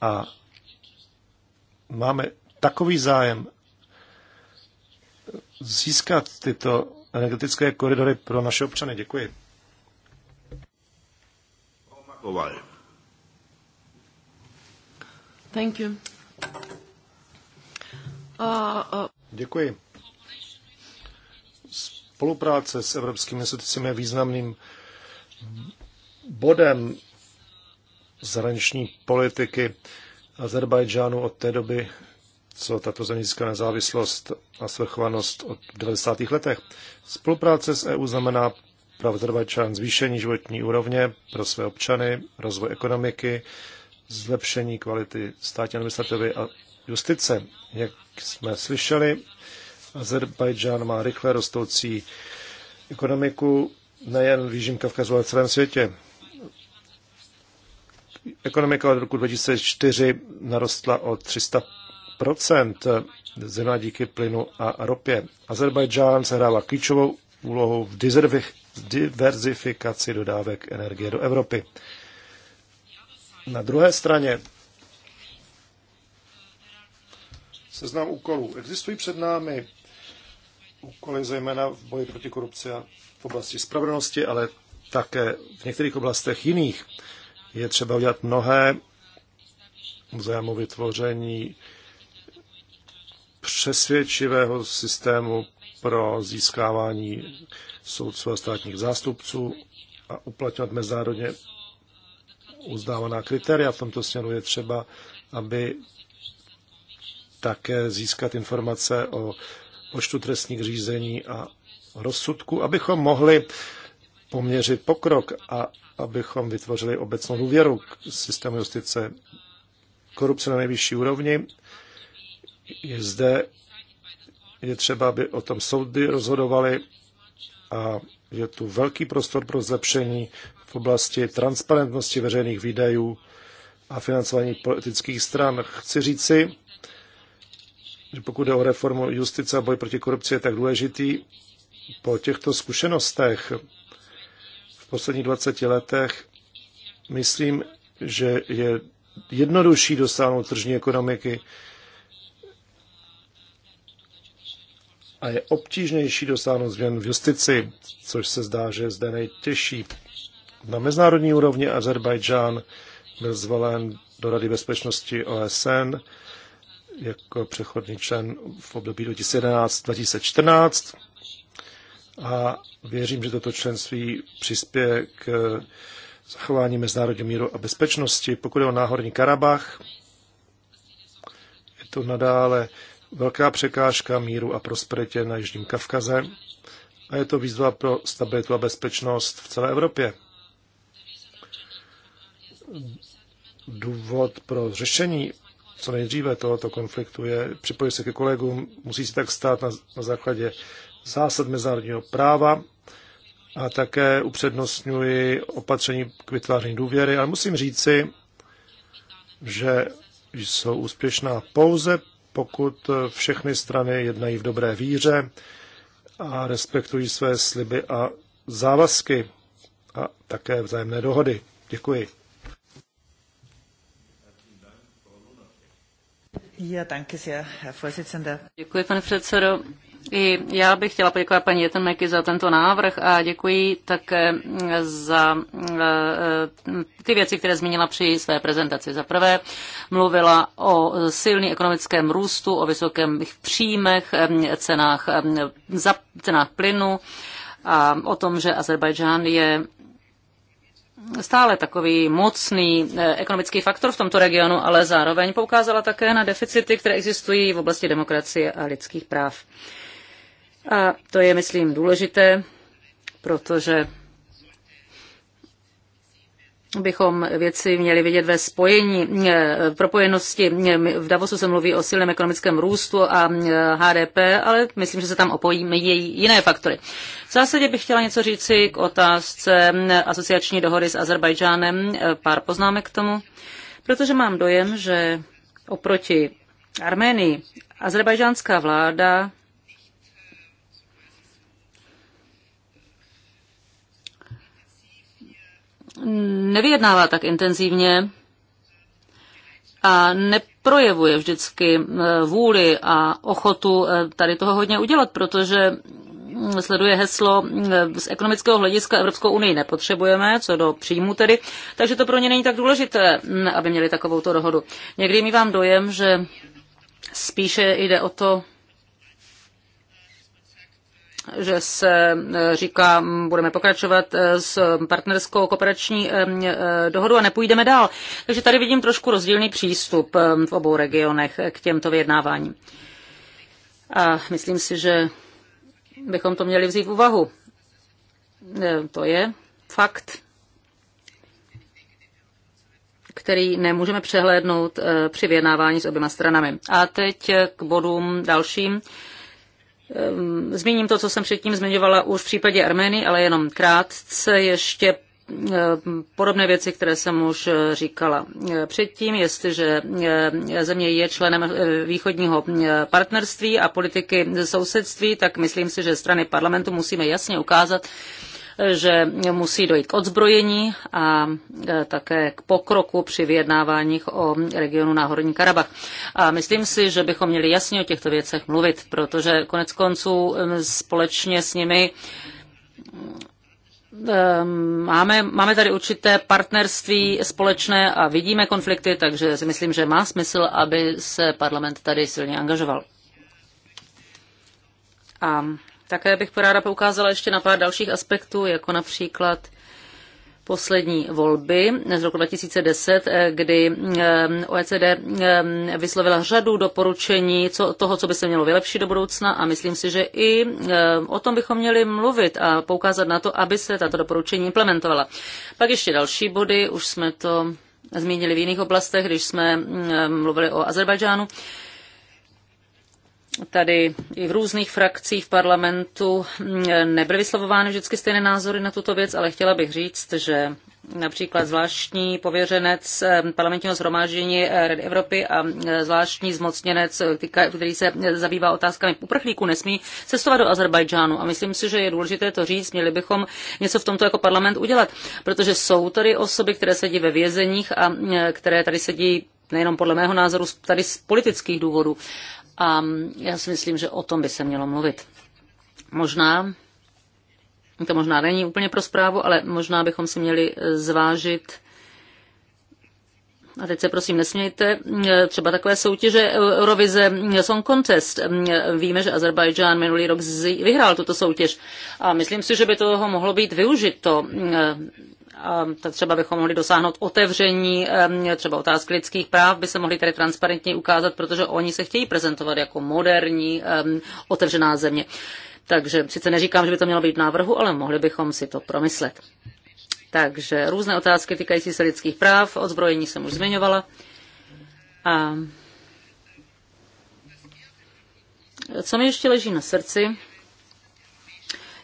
a máme takový zájem získat tyto energetické koridory pro naše občany. Děkuji. Thank you. Uh, uh. Děkuji. Spolupráce s evropskými institucemi je významným bodem zahraniční politiky Azerbajdžánu od té doby, co tato země získala nezávislost a svrchovanost od 90. letech. Spolupráce s EU znamená pro Azerbajdžán zvýšení životní úrovně pro své občany, rozvoj ekonomiky, zlepšení kvality státní administrativy a justice. Jak jsme slyšeli, Azerbajdžán má rychle rostoucí ekonomiku nejen v Jižním Kavkazu, ale v celém světě. Ekonomika od roku 2004 narostla o 300 zejména díky plynu a ropě. Azerbajdžán sehrává klíčovou úlohou v diverzifikaci dodávek energie do Evropy. Na druhé straně seznam úkolů. Existují před námi úkoly zejména v boji proti korupci a v oblasti spravedlnosti, ale také v některých oblastech jiných. Je třeba udělat mnohé v zájmu vytvoření přesvědčivého systému pro získávání soudců a státních zástupců a uplatňovat mezinárodně uznávaná kritéria. V tomto směru je třeba, aby také získat informace o počtu trestních řízení a rozsudku, abychom mohli poměřit pokrok a abychom vytvořili obecnou důvěru k systému justice korupce na nejvyšší úrovni je zde, je třeba, aby o tom soudy rozhodovaly a je tu velký prostor pro zlepšení v oblasti transparentnosti veřejných výdajů a financování politických stran. Chci říci, že pokud jde o reformu justice a boj proti korupci je tak důležitý, po těchto zkušenostech v posledních 20 letech myslím, že je jednodušší dosáhnout tržní ekonomiky, a je obtížnější dosáhnout změn v justici, což se zdá, že je zde nejtěžší. Na mezinárodní úrovni Azerbajdžán byl zvolen do Rady bezpečnosti OSN jako přechodný člen v období 2011-2014 a věřím, že toto členství přispěje k zachování mezinárodního míru a bezpečnosti. Pokud je o náhorní Karabach, je to nadále velká překážka míru a prosperitě na Jižním Kavkaze a je to výzva pro stabilitu a bezpečnost v celé Evropě. Důvod pro řešení co nejdříve tohoto konfliktu je připojit se ke kolegům, musí se tak stát na, na základě zásad mezinárodního práva a také upřednostňuji opatření k vytváření důvěry, ale musím říci, že jsou úspěšná pouze pokud všechny strany jednají v dobré víře a respektují své sliby a závazky a také vzájemné dohody. Děkuji. Děkuji, pane předsedo. I já bych chtěla poděkovat paní Jetenmeky za tento návrh a děkuji také eh, za eh, ty věci, které zmínila při své prezentaci. Za prvé mluvila o silný ekonomickém růstu, o vysokých příjmech, eh, cenách, za, cenách plynu a o tom, že Azerbajdžán je stále takový mocný ekonomický faktor v tomto regionu, ale zároveň poukázala také na deficity, které existují v oblasti demokracie a lidských práv. A to je, myslím, důležité, protože bychom věci měli vidět ve spojení, eh, v propojenosti. Eh, v Davosu se mluví o silném ekonomickém růstu a HDP, eh, ale myslím, že se tam opojí její jiné faktory. V zásadě bych chtěla něco říci k otázce asociační dohody s Azerbajdžánem, pár poznámek k tomu, protože mám dojem, že oproti Arménii azerbajdžánská vláda nevyjednává tak intenzivně a neprojevuje vždycky eh, vůli a ochotu eh, tady toho hodně udělat, protože mm, sleduje heslo eh, z ekonomického hlediska Evropskou unii nepotřebujeme, co do příjmu tedy, takže to pro ně není tak důležité, mm, aby měli takovou dohodu. Někdy mi vám dojem, že spíše jde o to, že se e, říká, budeme pokračovat e, s partnerskou kooperační e, dohodu a nepůjdeme dál. Takže tady vidím trošku rozdílný přístup v obou regionech k těmto vyjednáváním. A myslím si, že bychom to měli vzít v úvahu. To je fakt, který nemůžeme přehlédnout při vyjednávání s oběma stranami. A teď k bodům dalším. Ehm, zmíním to, co jsem předtím zmiňovala už v případě Armény, ale jenom krátce ještě ehm, podobné věci, které jsem už eh, říkala eh, předtím, jestliže eh, země je členem východního partnerství a politiky sousedství, tak myslím si, že strany parlamentu musíme jasně ukázat, že musí dojít k odzbrojení a e, také k pokroku při vyjednáváních o regionu Náhorní Karabach. A myslím si, že bychom měli jasně o těchto věcech mluvit, protože konec konců společně s nimi máme, máme tady určité partnerství společné a vidíme konflikty, takže si myslím, že má smysl, aby se parlament tady silně angažoval. A také bych poráda poukázala ještě na pár dalších aspektů, jako například poslední volby z roku 2010, eh, kdy eh, OECD eh, vyslovila řadu doporučení co, toho, co by se mělo vylepšit do budoucna a myslím si, že i o tom bychom měli mluvit a poukázat na to, aby se tato doporučení implementovala. Pak ještě další body, už jsme to zmínili v jiných oblastech, když jsme mluvili o Azerbajdžánu tady i v různých frakcích v parlamentu mm, nebyly vyslovovány vždycky stejné názory na tuto věc, ale chtěla bych říct, že například zvláštní pověřenec eh, parlamentního zhromáždění eh, Rady Evropy a eh, zvláštní zmocněnec, který se zabývá otázkami uprchlíků, nesmí cestovat do Azerbajdžánu. A myslím si, že je důležité to říct, měli bychom něco v tomto jako parlament udělat, protože jsou tady osoby, které sedí ve vězeních a které tady sedí nejenom podle mého názoru, tady z politických důvodů. A já si myslím, že o tom by se mělo mluvit. Možná, to možná není úplně pro zprávu, ale možná bychom si měli zvážit, a teď se prosím nesmějte, třeba takové soutěže Eurovize Song Contest. Víme, že Azerbajdžán minulý rok vyhrál tuto soutěž a myslím si, že by toho mohlo být využito Ehm, třeba bychom mohli dosáhnout otevření, ehm, třeba otázky lidských práv by se mohly tady transparentně ukázat, protože oni se chtějí prezentovat jako moderní, ehm, otevřená země. Takže sice neříkám, že by to mělo být v návrhu, ale mohli bychom si to promyslet. Takže různé otázky týkající se lidských práv, odzbrojení jsem už zmiňovala. A co mi ještě leží na srdci,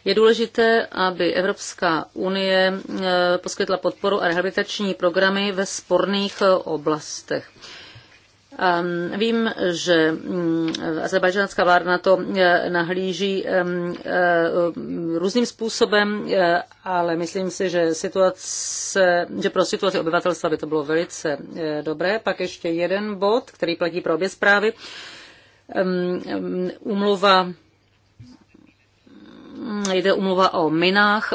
je důležité, aby Evropská unie eh, poskytla podporu a rehabilitační programy ve sporných eh, oblastech. Ehm, vím, že mm, azerbajdžánská vláda na to eh, nahlíží ehm, různým způsobem, ale myslím si, že, situace, že pro situaci obyvatelstva by to bylo velice dobré. Pak ještě jeden bod, který platí pro obě zprávy. Ehm, umluva Jde umluva o minách,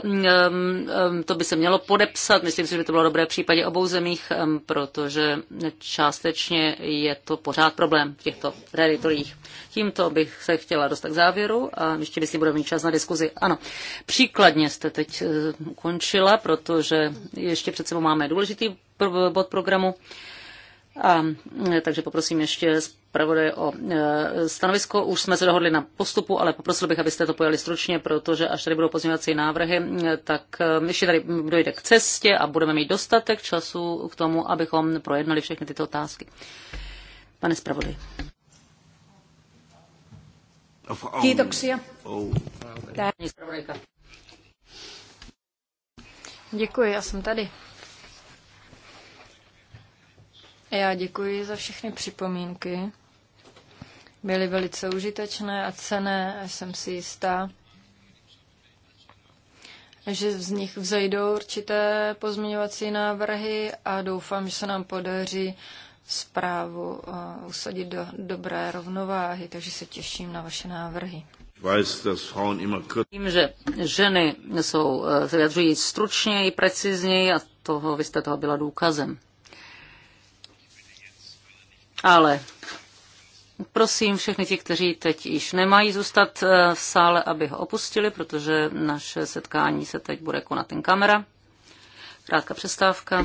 to by se mělo podepsat, myslím si, že by to bylo dobré v případě obou zemích, protože částečně je to pořád problém v těchto teritoriích. Tímto bych se chtěla dostat k závěru a ještě myslím, budeme mít čas na diskuzi. Ano, příkladně jste teď e, ukončila, protože ještě před sebou máme důležitý bod programu. A, e, takže poprosím ještě zpravodaje o e, stanovisko. Už jsme se dohodli na postupu, ale poprosil bych, abyste to pojali stručně, protože až tady budou pozměňovací návrhy, e, tak e, ještě tady dojde k cestě a budeme mít dostatek času k tomu, abychom projednali všechny tyto otázky. Pane zpravodaji. Děkuji, já jsem tady. Já děkuji za všechny připomínky byly velice užitečné a cené a jsem si jistá, že z nich vzejdou určité pozměňovací návrhy a doufám, že se nám podaří zprávu eh, usadit do dobré rovnováhy, takže se těším na vaše návrhy. Vím, že ženy jsou, eh, se vyjadřují stručněji, precizněji a toho, vy jste toho byla důkazem. Ale prosím všechny ti, kteří teď již nemají zůstat eh, v sále, aby ho opustili, protože naše setkání se teď bude konat in kamera. Krátká přestávka.